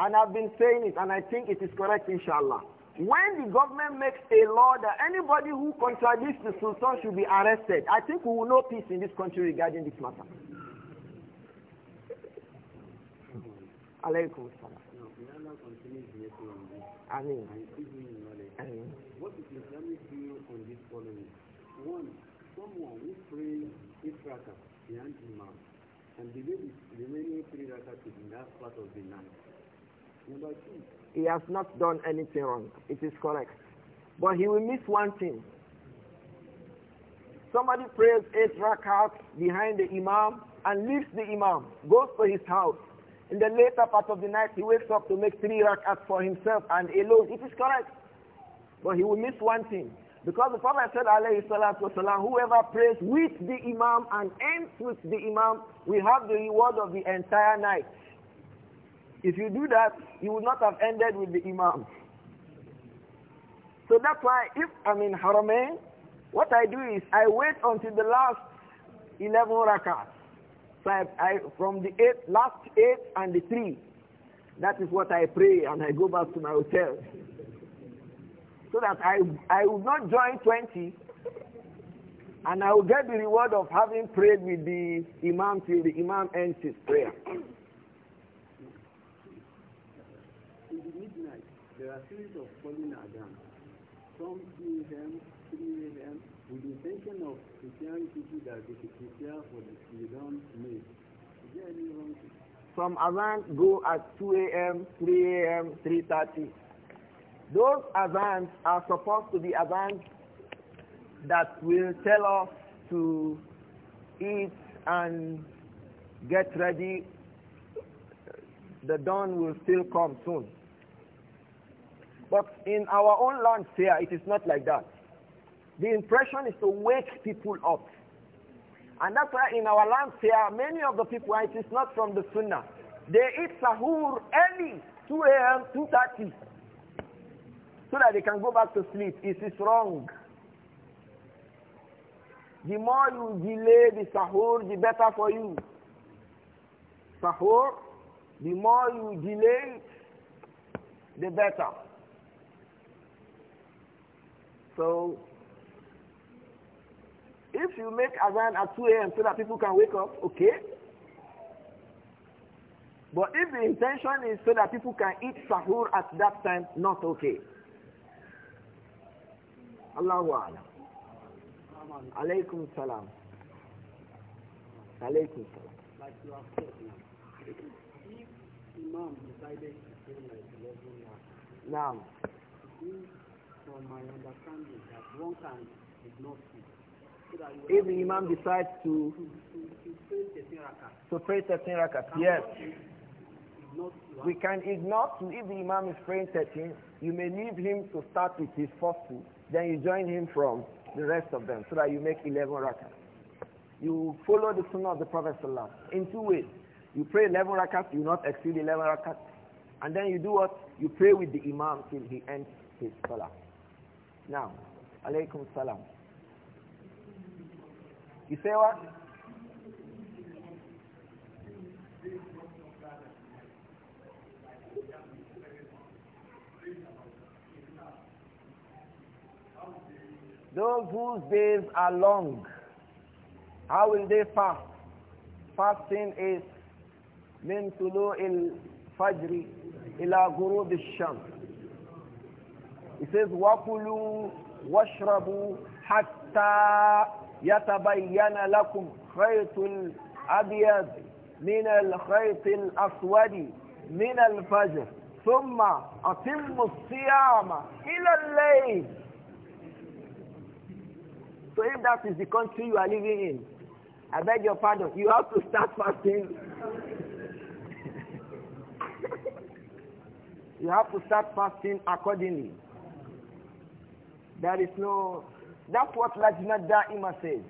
And I've been saying it, and I think it is correct, inshallah. When the government makes a law that anybody who contradicts the Sultan should be arrested, I think we will know peace in this country regarding this matter. Alaykum salam. Now, may Allah continue his mercy on you. I mean. And give you knowledge. I mean. What is Islamic view on this following? One, someone who prays eight rakah behind Imam and believes the remaining three rakah to that part of the night. Number two. He has not done anything wrong. It is correct. But he will miss one thing. Somebody prays eight rakah behind the Imam and leaves the Imam, goes to his house. In the later part of the night, he wakes up to make three rak'ahs for himself and alone. It is correct. But he will miss one thing. Because the Prophet said, alayhi salatu wasalam, whoever prays with the Imam and ends with the Imam, we have the reward of the entire night. If you do that, you will not have ended with the Imam. So that's why if I'm in Haramain, what I do is I wait until the last 11 rak'ahs. Five, I, I, from the eight, last eight and the three, that is what I pray and I go back to my hotel. So that I, I will not join 20 and I will get the reward of having prayed with the Imam till the Imam ends his prayer. In the midnight, there are series of falling Adam. Some 3 a.m., 3 a.m., with the intention of preparing people that they should prepare for the is there any wrong thing? Some Azan go at 2 a.m., 3 a.m., 3.30. Those Azans are supposed to be Azans that will tell us to eat and get ready. The dawn will still come soon. But in our own lunch here, it is not like that. The impression is to wake people up. And that's why in our lands here, many of the people, it is not from the Sunnah, they eat sahur early, 2 a.m., 2.30, so that they can go back to sleep. It is wrong. The more you delay the sahur, the better for you. Sahur, the more you delay the better. So if you make Azan at 2 a.m. so that people can wake up, okay. But if the intention is so that people can eat sahur at that time, not okay. Allahu Alam. Alaykum salam. Alaykum salam. Like you have said if Imam decided to pray like 11 hours, now, from my understanding that one can is not speak. If the Imam decides to to pray 13 rakat, yes. We can ignore two. If the Imam is praying 13, you may leave him to start with his first two. Then you join him from the rest of them so that you make 11 rakat. You follow the sunnah of the Prophet in two ways. You pray 11 rakat, you not exceed 11 rakat. And then you do what? You pray with the Imam till he ends his salah. Now, alaykum salam kisewa those whose days are long how will they fast fasting is min tulu il fajri ila ghurub ash-shams it says waqulu washrabu hatta يتبين لكم خيط الأبيض من الخيط الأسود من الفجر ثم أتم الصيام إلى الليل So if that is the country you are living in, I beg your pardon, you have to start fasting. (laughs) you have to start fasting accordingly. There is no that's what Lajna Da'ima says.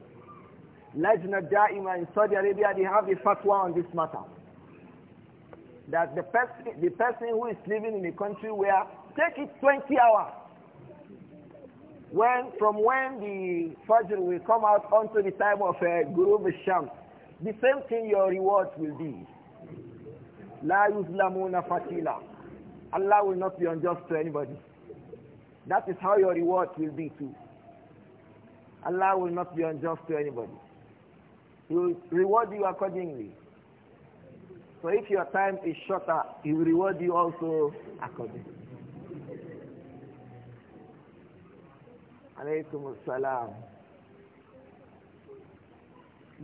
Lajna Da'ima in Saudi Arabia, they have a fatwa on this matter. That the person, the person who is living in a country where, take it 20 hours. When, from when the Fajr will come out onto the time of uh, Guru Bisham, the same thing your rewards will be. La yuzlamuna fatila. Allah will not be unjust to anybody. That is how your rewards will be too. Allah will not be unjust to anybody. He will reward you accordingly. So if your time is shorter, he will reward you also accordingly. Alaykum salam.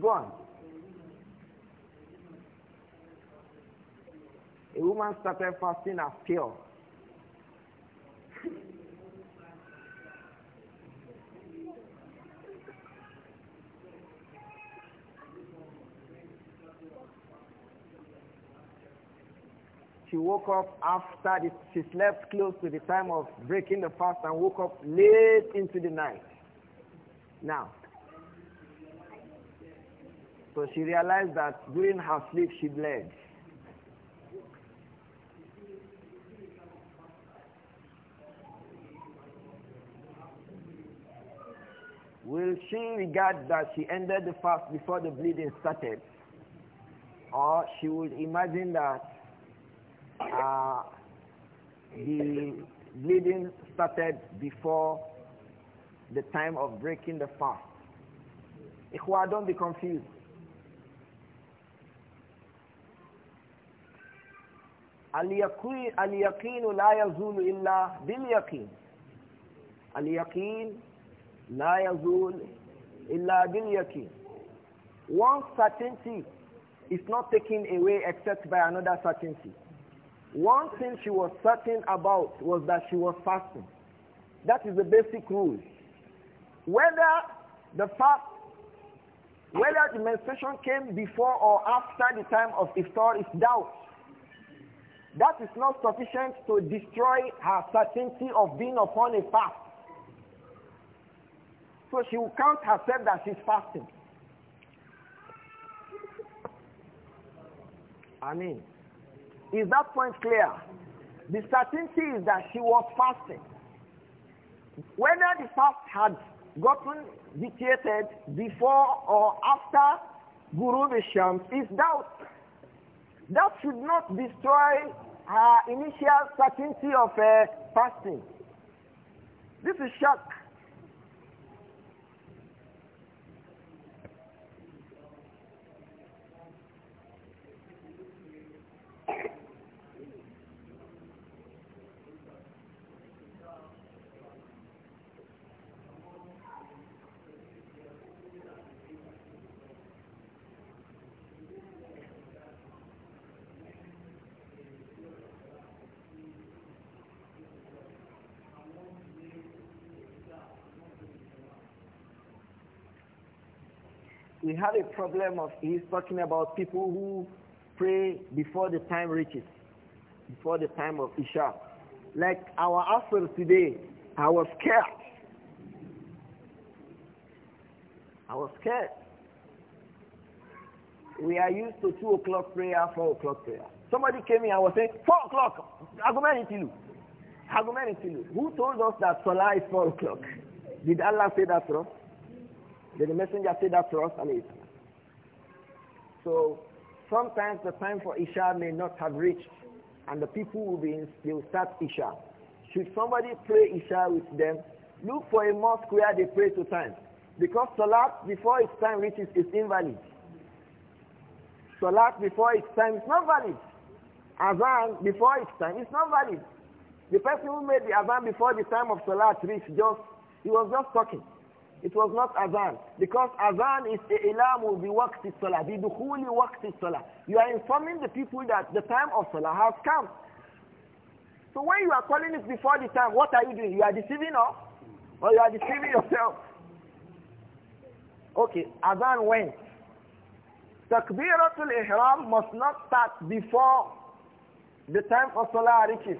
Go on. A woman started fasting as pure. (laughs) she woke up after the, she slept close to the time of breaking the fast and woke up late into the night. Now, so she realized that during her sleep she bled. Will she regard that she ended the fast before the bleeding started? Or she would imagine that uh, the bleeding started before the time of breaking the fast. Ikhwa, don't be confused. اليقين لا يزول إلا باليقين اليقين لا يزول إلا باليقين One certainty is not taken away except by another certainty. One thing she was certain about was that she was fasting. That is the basic rule. Whether the fast, whether the menstruation came before or after the time of iftar is doubt. That is not sufficient to destroy her certainty of being upon a fast. So she will count herself that she's fasting. I mean. Is that point clear? The certainty is that she was fasting. Whether the fast had gotten dictated before or after Guru Visham is doubt. That should not destroy her initial certainty of uh, fasting. This is shock. we have a problem of he's talking about people who pray before the time reaches, before the time of Isha. Like our offer today, I was scared. I was scared. We are used to 2 o'clock prayer, 4 o'clock prayer. Somebody came in and was saying, 4 o'clock, Agumenitilu. Agumenitilu. Who told us that Salah is 4 o'clock? Did Allah say that to us? Did the messenger say that to us? So sometimes the time for Isha may not have reached and the people will be in, will start Isha. Should somebody pray Isha with them, look for a mosque where they pray to time. Because Salat before its time reaches is invalid. Salat before its time is not valid. Azan before its time is not valid. The person who made the Azan before the time of Salat reached just, he was just talking. It was not azan. Because azan is ilamu bi waqti salah, bi dukhuli salah. You are informing the people that the time of salah has come. So when you are calling it before the time, what are you doing? You are deceiving us? Or you are deceiving yourself? Okay, azan when? Takbiratul ihram must not start before the time of salah reaches.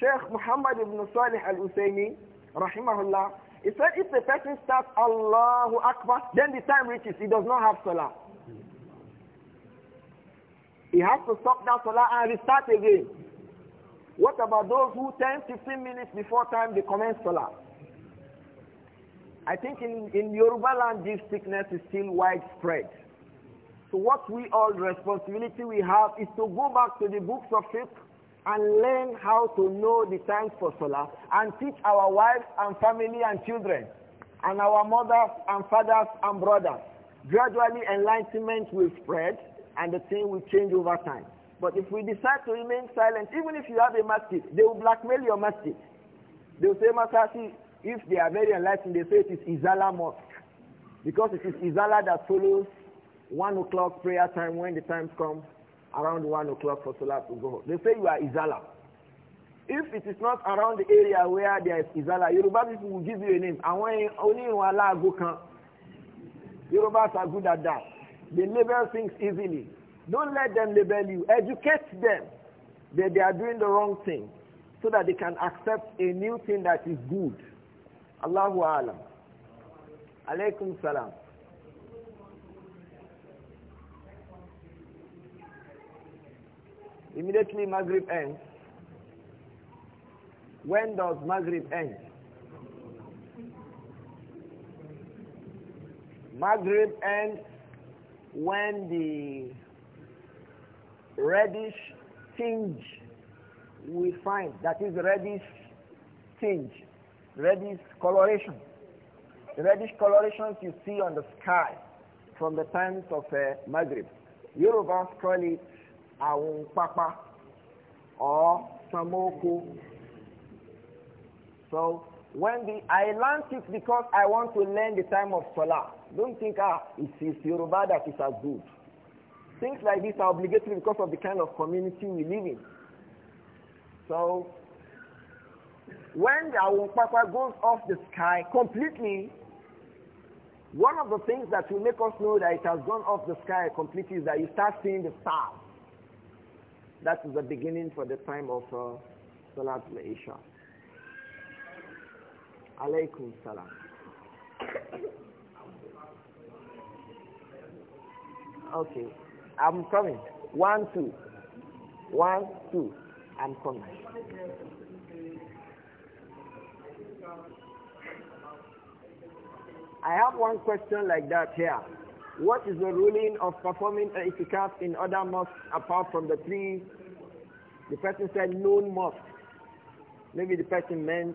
Sheikh Muhammad ibn Salih al-Usaymi, rahimahullah, he said if the person starts Allahu Akbar, then the time reaches, he does not have salah. He has to stop that salah and restart again. What about those who 10, 15 minutes before time they commence salah? I think in, in Yoruba land this sickness is still widespread. So what we all responsibility we have is to go back to the books of fiqh and learn how to know the times for Salah and teach our wives and family and children and our mothers and fathers and brothers. Gradually enlightenment will spread and the thing will change over time. But if we decide to remain silent, even if you have a masjid, they will blackmail your masjid. They will say, Masasi, if they are very enlightened, they say it is Izala Mosque. Because it is Izala that follows one o'clock prayer time when the time comes around 1 o'clock for to go. They say you are Izala. If it is not around the area where there is Izala, Yoruba people will give you a name. And when only in Wala Agokan, Yorubas are good at that. They label things easily. Don't let them label you. Educate them that they are doing the wrong thing so that they can accept a new thing that is good. Allahu Alam. Alaikum Salam. Immediately Maghrib ends. When does Maghrib end? Maghrib ends when the reddish tinge we find, that is reddish tinge, reddish coloration. The reddish colorations you see on the sky from the times of uh, Maghrib. Yoruba call it papa or Samoko. So when the I learn it because I want to learn the time of Salah. Don't think ah it's, it's Yoruba that is as good. Things like this are obligatory because of the kind of community we live in. So when the papa goes off the sky completely, one of the things that will make us know that it has gone off the sky completely is that you start seeing the stars. That is the beginning for the time of uh, Salat isha Alaykum salam. Okay, I'm coming. One, two. One, two. I'm coming. I have one question like that here. What is the ruling of performing itikaf in other mosques apart from the three? The person said known mosques. Maybe the person meant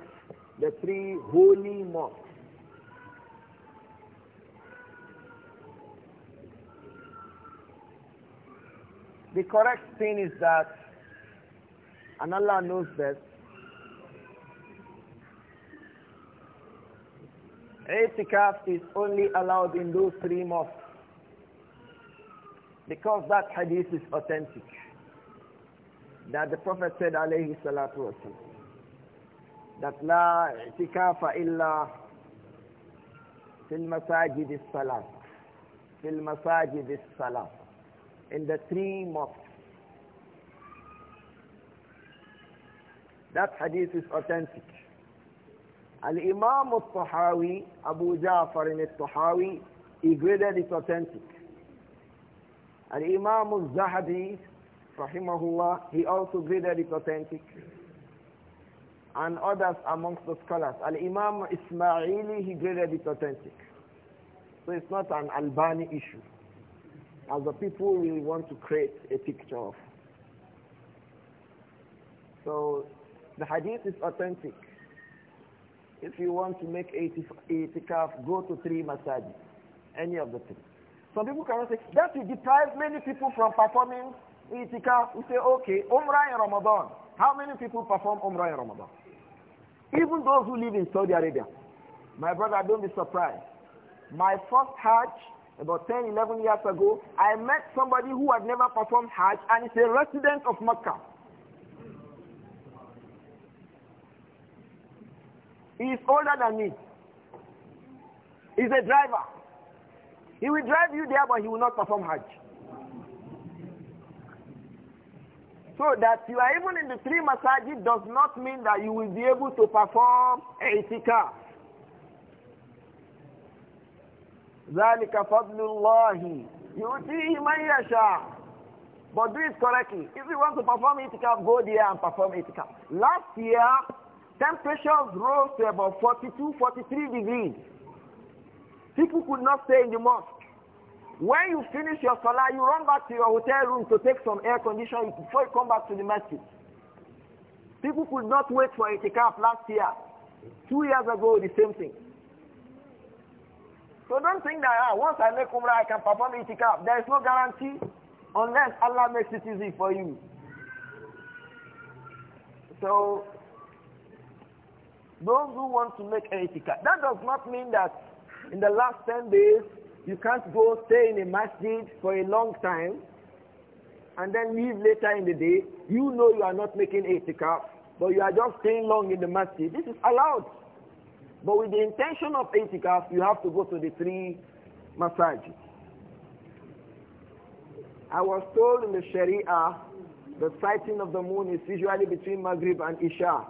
the three holy mosques. The correct thing is that, and Allah knows best, itikaf is only allowed in those three mosques. Because that hadith is authentic. That the Prophet said, alayhi salatu wasalam, that la i'tikafa illa fil masajid salat fil masajid salat in the three mosques that hadith is authentic al-imam al-tahawi abu ja'far al-tahawi he graded it authentic and Imam al-Zahabi, rahimahullah, he also graded it authentic. And others amongst the scholars. Al-Imam Ismaili, he graded it authentic. So it's not an Albani issue. As the people will want to create a picture of. So the hadith is authentic. If you want to make itikaf, go to three masajid, any of the three. Some people cannot say, that will deprive many people from performing itikaf. We say, okay, Umrah in Ramadan. How many people perform Umrah in Ramadan? Even those who live in Saudi Arabia. My brother, don't be surprised. My first Hajj, about 10, 11 years ago, I met somebody who had never performed Hajj and is a resident of Mecca. He is older than me. He's a driver. He will drive you there, but he will not perform Hajj. So that you are even in the three masajid does not mean that you will be able to perform itikaf. ذلك فضل الله يؤتيه من يشاء but do it correctly. If you want to perform itikaf, go there and perform itikaf. Last year, temperatures rose to about 42, 43 degrees. People could not stay in the mosque. When you finish your salah, you run back to your hotel room to take some air conditioning before you come back to the masjid. People could not wait for a itikaf last year. Two years ago, the same thing. So don't think that ah, once I make umrah, I can perform itikaf. There is no guarantee unless Allah makes it easy for you. So those who want to make itikaf, that does not mean that in the last 10 days you can't go stay in a masjid for a long time and then leave later in the day. You know you are not making itikaf, but you are just staying long in the masjid. This is allowed. But with the intention of itikaf, you have to go to the three masajids. I was told in the Sharia the sighting of the moon is usually between Maghrib and Isha.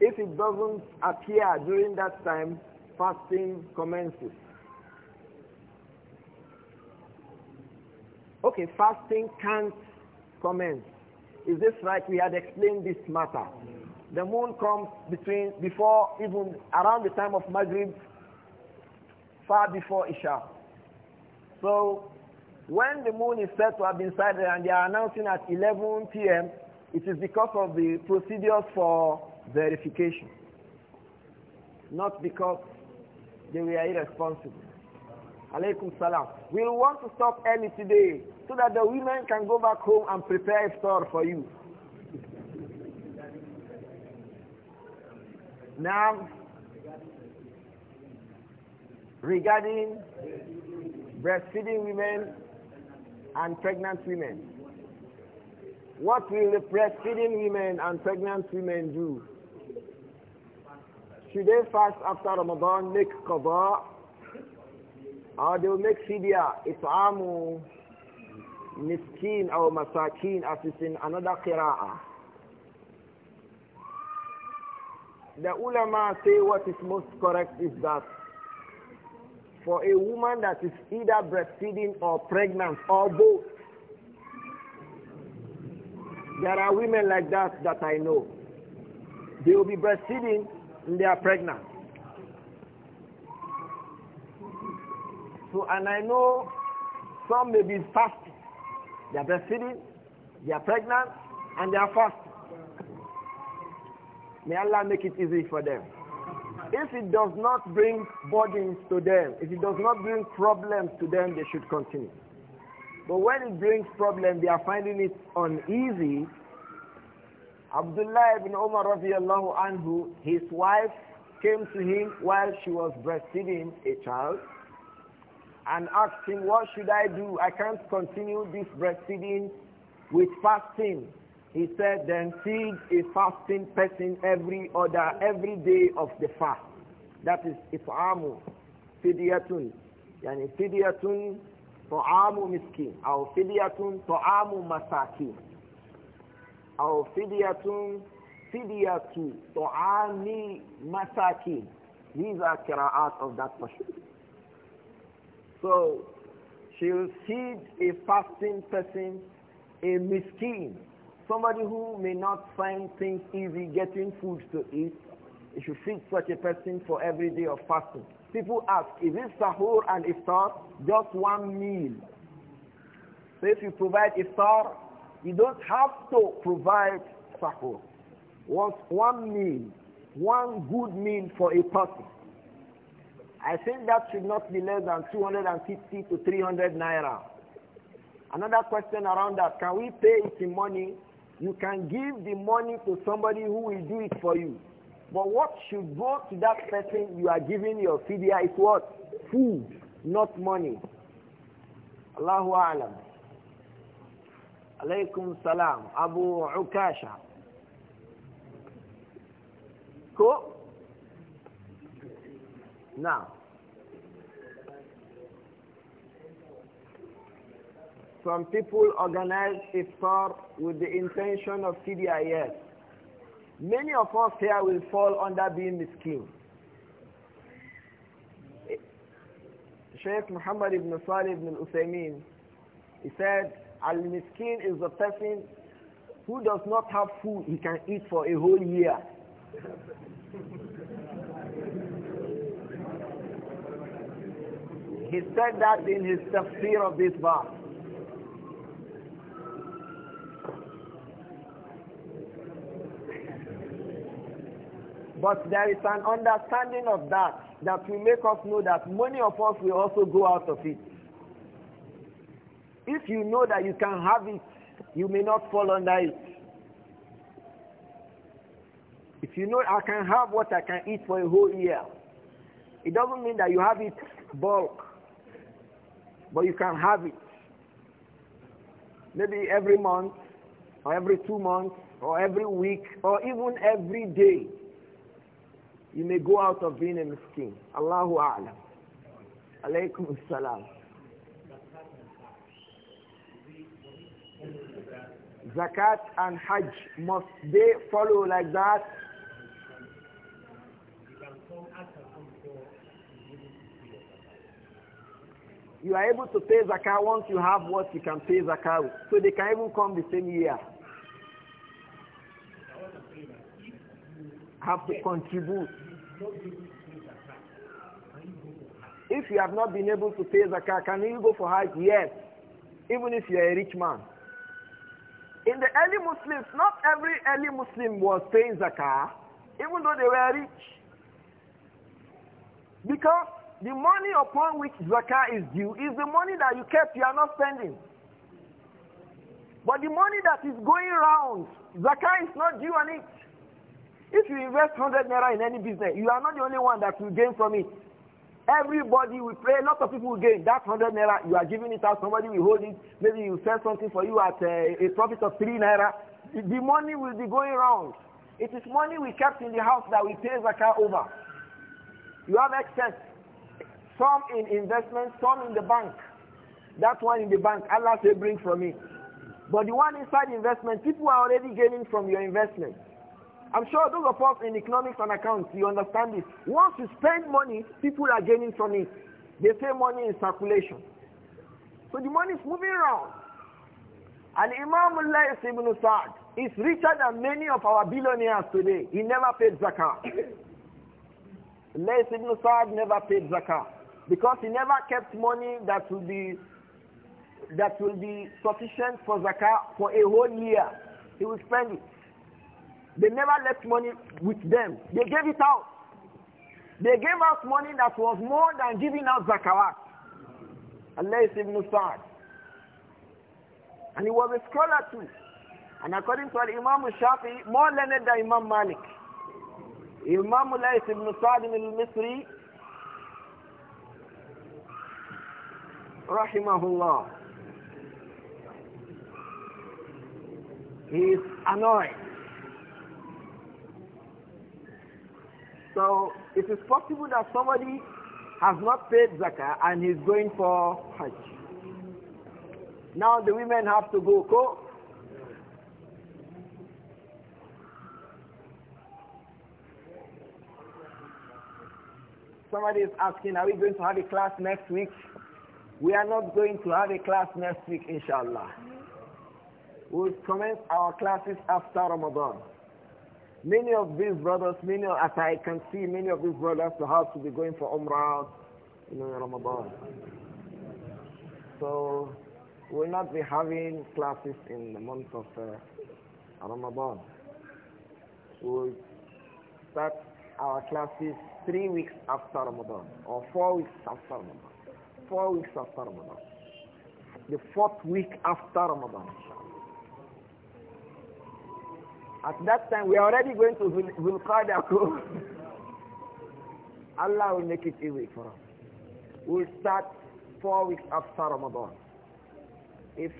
If it doesn't appear during that time, fasting commences. Okay, fasting can't commence. Is this right? We had explained this matter. The moon comes between, before, even around the time of Maghrib, far before Isha. So, when the moon is said to have been sighted and they are announcing at 11 p.m., it is because of the procedures for verification, not because they were irresponsible salam. We'll want to stop early today so that the women can go back home and prepare iftar for you. now, regarding breastfeeding women and pregnant women, what will the breastfeeding women and pregnant women do? Should they fast after Ramadan, make qada, or they will make fidya, it'amu miskin or masakin as is in another qira'ah. The ulama say what is most correct is that for a woman that is either breastfeeding or pregnant or both, there are women like that that I know. They will be breastfeeding and they are pregnant. So, and I know some may be fasting. They are breastfeeding, they are pregnant, and they are fasting. May Allah make it easy for them. If it does not bring burdens to them, if it does not bring problems to them, they should continue. But when it brings problems, they are finding it uneasy. Abdullah ibn Umar radiallahu anhu, his wife came to him while she was breastfeeding a child and asked him, What should I do? I can't continue this breastfeeding with fasting. He said, Then feed a fasting person every other, every day of the fast. That is ifamu fidyatun. Yani fidyatun toamu miskin. Or fidyatun toamu masakin. Or fidiyatun fidyatu ta'ami masakin. These are kiraat of that portion. So she'll feed a fasting person, a miskin, somebody who may not find things easy getting food to eat. If you feed such a person for every day of fasting. People ask, is it sahur and iftar? Just one meal. So if you provide iftar, you don't have to provide sahur. Once one meal, one good meal for a person. I think that should not be less than 250 to 300 naira. Another question around that, can we pay it in money? You can give the money to somebody who will do it for you. But what should go to that person you are giving your fidya is what? Food, not money. Allahu Alam. Alaykum salam. Abu Ukasha. Cool? Now. From people organize iftar with the intention of TDIS. Many of us here will fall under being miskin. Sheikh Muhammad ibn Salih ibn Uthaymeen, he said, Al-Miskin is the person who does not have food he can eat for a whole year. he said that in his tafsir of this verse. But there is an understanding of that that will make us know that many of us will also go out of it. If you know that you can have it, you may not fall under it. If you know I can have what I can eat for a whole year, it doesn't mean that you have it bulk, but you can have it. Maybe every month, or every two months, or every week, or even every day. You may go out of being a miskin. Allahu A'lam. Alaykum salam. Zakat and Hajj, must they follow like that? You are able to pay zakat once you have what you can pay zakat with. So they can even come the same year. Have to contribute. If you have not been able to pay zakah, can you go for hajj? Yes, even if you are a rich man. In the early Muslims, not every early Muslim was paying zakah, even though they were rich. Because the money upon which zakah is due is the money that you kept, you are not spending. But the money that is going round, zakah is not due on it. If you invest 100 naira in any business, you are not the only one that will gain from it. Everybody will pray. A lot of people will gain. That 100 naira, you are giving it out. Somebody will hold it. Maybe you sell something for you at a, eh, a profit of 3 naira. The, money will be going round. It is money we kept in the house that we pay car over. You have excess. Some in investment, some in the bank. That one in the bank, Allah say bring from me. But the one inside investment, people are already gaining from your investment. I'm sure those of us in economics and accounts, you understand this. Once you spend money, people are gaining from it. They say money in circulation. So the money is moving around. And Imam Allah ibn Sa'd is richer than many of our billionaires today. He never paid zakah. Allah ibn Sa'd never paid zakah because he never kept money that will be that will be sufficient for zakah for a whole year. He will spend it. They never left money with them. They gave it out. They gave us money that was more than giving out zakawat. Allah ibn Sa'd. And he was a scholar too. And according to Imam Shafi, more learned than Imam Malik. Imam Lais ibn Sa'd al-Misri, rahimahullah, he is annoyed So it is possible that somebody has not paid zakah and he's going for hajj. Now the women have to go co. Somebody is asking, are we going to have a class next week? We are not going to have a class next week, inshallah. We'll commence our classes after Ramadan. Many of these brothers, many as I can see, many of these brothers have to be going for Umrah in Ramadan. So we'll not be having classes in the month of uh, Ramadan. We'll start our classes three weeks after Ramadan or four weeks after Ramadan. Four weeks after Ramadan. The fourth week after Ramadan. At that time, we are already going to Zulqadako. (laughs) Allah will make it easy for us. We'll start four weeks after Ramadan. If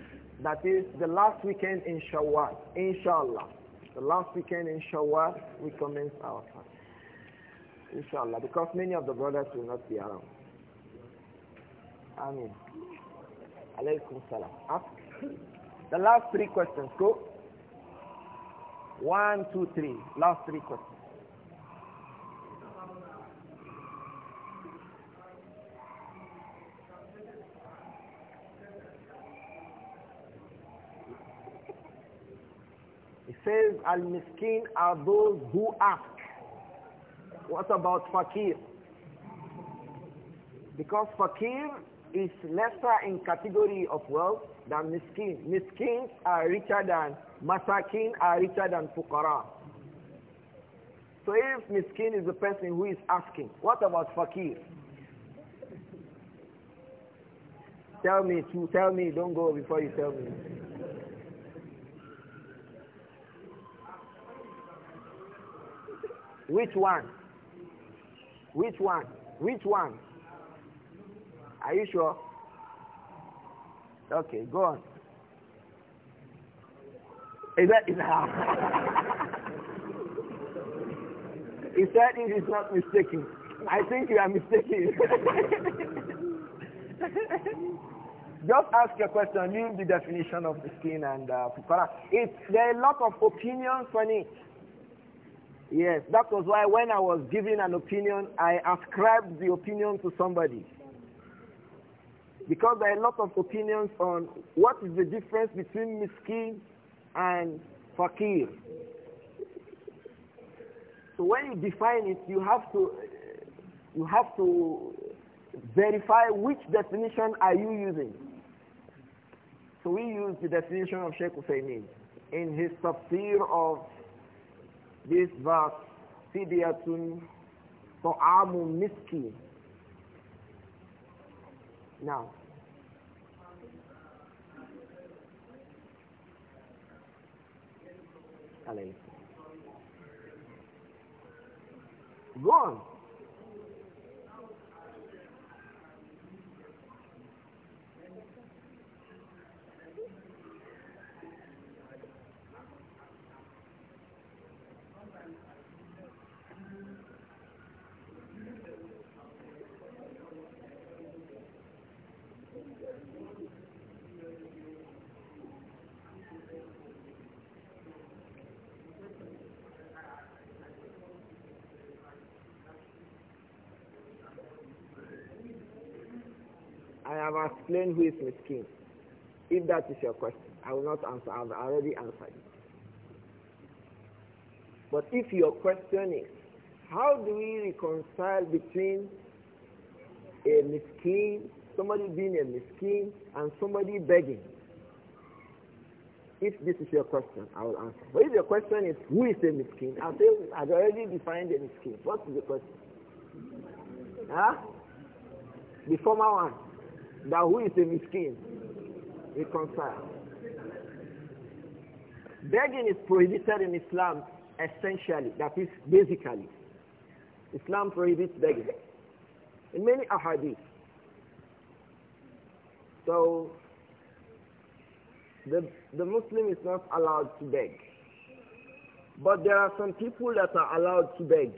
that is the last weekend in Shawwal, inshallah. The last weekend in Shawwal, we commence our fast. Inshallah, because many of the brothers will not be around. Amin. Alaykum salam. Ask. The last three questions. Go. One, two, three. Last three questions. It says, Al-Miskin are those who ask. What about Fakir? Because Fakir is lesser in category of wealth than Miskin. Miskins are richer than Masakin are richer than fuqara. So if miskin is the person who is asking, what about fakir? Tell me to tell me, don't go before you tell me. Which one? Which one? Which one? Are you sure? Okay, go on. Is that is how? Is that it is not mistaken? I think you are mistaken. (laughs) Just ask your question, leave the definition of the skin and uh, fukara. It's, there are a lot of opinions on it. Yes, that was why when I was giving an opinion, I ascribed the opinion to somebody. Because there are a lot of opinions on what is the difference between miskin and fakir. So when you define it, you have to you have to verify which definition are you using. So we use the definition of Sheikh Hussein in his tafsir of this verse, Fidiyatun Ta'amun Miski. Now, 再来，滚！have explained who is miskin. If that is your question, I will not answer. I've already answered it. But if your question is, how do we reconcile between a miskin, somebody being a miskin, and somebody begging? If this is your question, I will answer. But if your question is, who is a miskin? I say, I've already defined a miskin. What is the question? Huh? The former one that who is a miskin, reconcile. Begging is prohibited in Islam essentially, that is basically. Islam prohibits begging. In many ahadith. So the, the Muslim is not allowed to beg. But there are some people that are allowed to beg.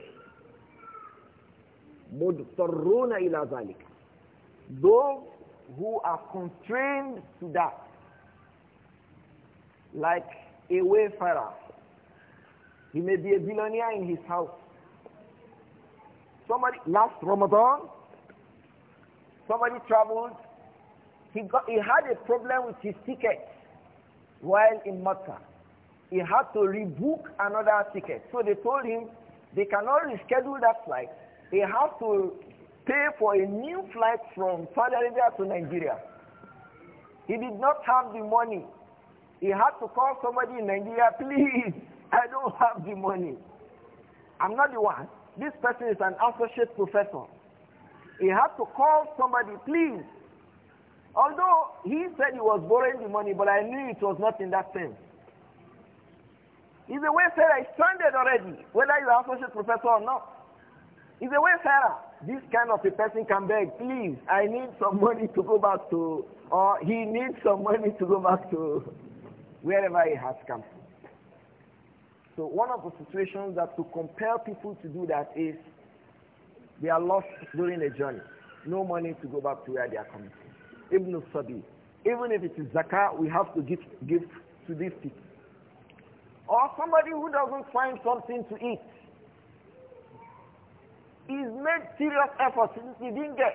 مُضْطَرُّونَ Though who are constrained to that, like a wayfarer. He may be a billionaire in his house. Somebody last Ramadan, somebody traveled. He got he had a problem with his ticket while in Mecca. He had to rebook another ticket. So they told him they cannot reschedule that flight. They have to pay for a new flight from Saudi Arabia to Nigeria. He did not have the money. He had to call somebody in Nigeria, (laughs) please, I don't have the money. I'm not the one. This person is an associate professor. He had to call somebody, please. Although he said he was borrowing the money, but I knew it was not in that sense. He's a wayfarer, he's stranded already, whether you're an associate professor or not. He's a wayfarer this kind of a person can beg, please, I need some (laughs) money to go back to, or he needs some money to go back to wherever he has come from. So one of the situations that to compel people to do that is they are lost during a journey. No money to go back to where they are coming from. Ibn Sabi. Even if it is zakah, we have to give, give to these people. Or somebody who doesn't find something to eat. He's made serious efforts since he didn't get.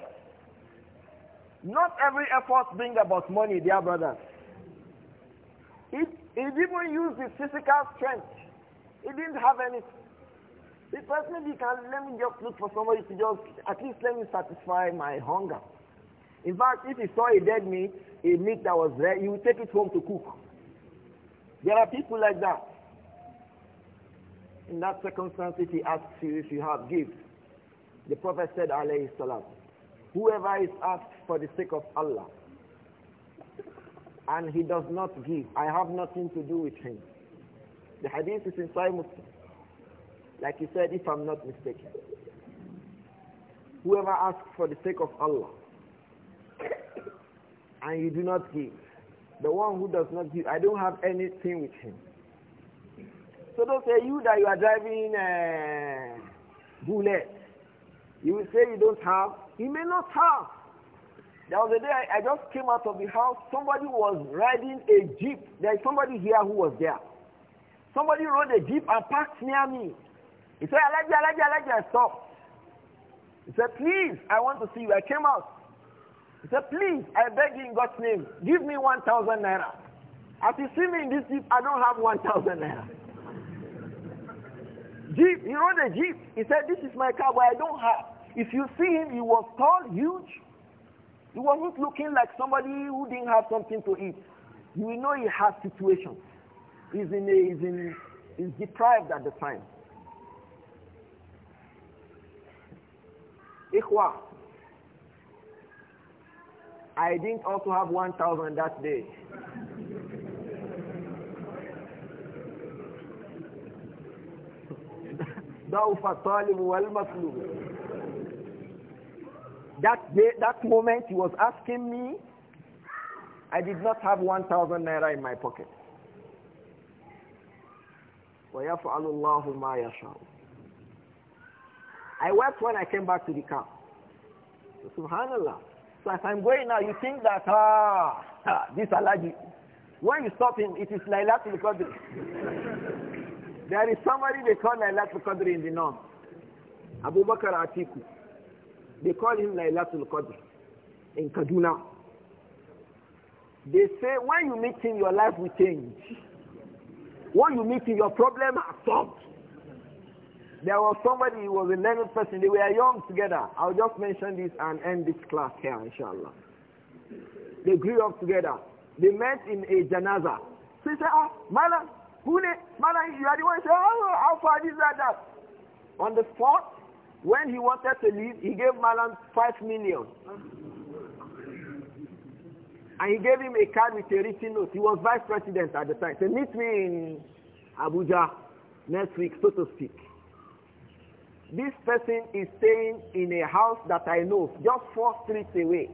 Not every effort brings about money, dear brothers. He, he even used his physical strength. He didn't have any. He personally can let me just look for somebody to just at least let me satisfy my hunger. In fact, if he saw a dead meat, a meat that was there, he would take it home to cook. There are people like that. In that circumstance, if he asks you if you have, gifts. The Prophet said, alayhi salam, whoever is asked for the sake of Allah, and he does not give, I have nothing to do with him. The hadith is in Sahih Muslim. Like he said, if I'm not mistaken. Whoever asks for the sake of Allah, and you do not give, the one who does not give, I don't have anything with him. So don't say you that you are driving a uh, bullet you will say you don't have. He may not have. There was a day I, just came out of the house. Somebody was riding a jeep. There is somebody here who was there. Somebody rode a jeep and parked near me. He said, Alaji, Alaji, Alaji, I stopped. He said, please, I want to see you. I came out. He said, please, I beg you in God's name, give me 1,000 naira. As you see me in this jeep, I don't have 1,000 naira. Jeep, he rode a jeep. He said, this is my car, but I don't have. If you see him, he was tall, huge. He wasn't looking like somebody who didn't have something to eat. You know he has situation. He's in a, he's in he's deprived at the time. Ikhwa, I didn't also have 1,000 that day. ضعف الطالب والمطلوب that day, that moment he was asking me, I did not have 1,000 naira in my pocket. I wept when I came back to the camp. Subhanallah. So as I'm going now, you think that, ah, (laughs) ah this allergy. When you stop him, it is Lailatul Qadr. (laughs) there is somebody they call Lailatul Qadr in the north. Abu Bakr Atiku. They call him Laylatul Qadr in Kaduna. They say when you meet him, your life will change. When you meet him, your problem are solved. There was somebody who was a learned person. They were young together. I'll just mention this and end this class here, inshallah. They grew up together. They met in a janaza. So he said, ah, Malam, who ne? you are the one. He said, oh, how far is that? that? On the spot, when he wanted to leave, he gave Malam five million. And he gave him a card with a written note. He was vice president at the time. So meet me in Abuja next week, so to speak. This person is staying in a house that I know, just four streets away.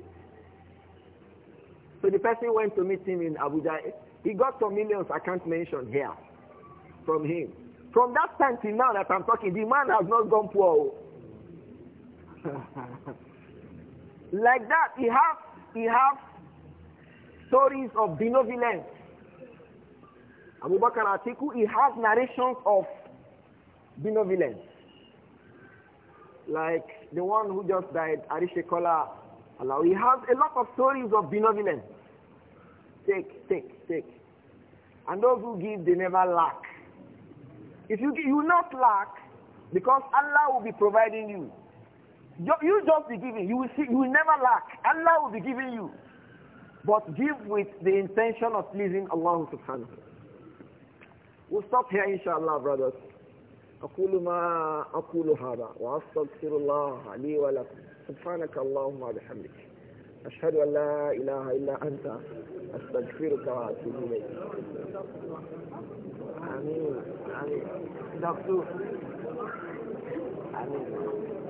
So the person went to meet him in Abuja. He got some millions I can't mention here from him. From that time till now that I'm talking, the man has not gone poor. Oh. (laughs) like that, he has, he has stories of benevolence. Abu Bakr Atiku, he has narrations of benevolence. Like the one who just died, Kola, Allah. He has a lot of stories of benevolence. Take, take, take. And those who give, they never lack. If you give, you not lack, because Allah will be providing you. You just be giving. You will see. You will never lack. Allah will be giving you. But give with the intention of pleasing Allah subhanahu We'll stop here inshallah brothers. أقول ما أقول هذا وأستغفر الله لي ولكم سبحانك اللهم وبحمدك أشهد أن لا إله إلا أنت أستغفرك وأتوب إليك آمين آمين دكتور آمين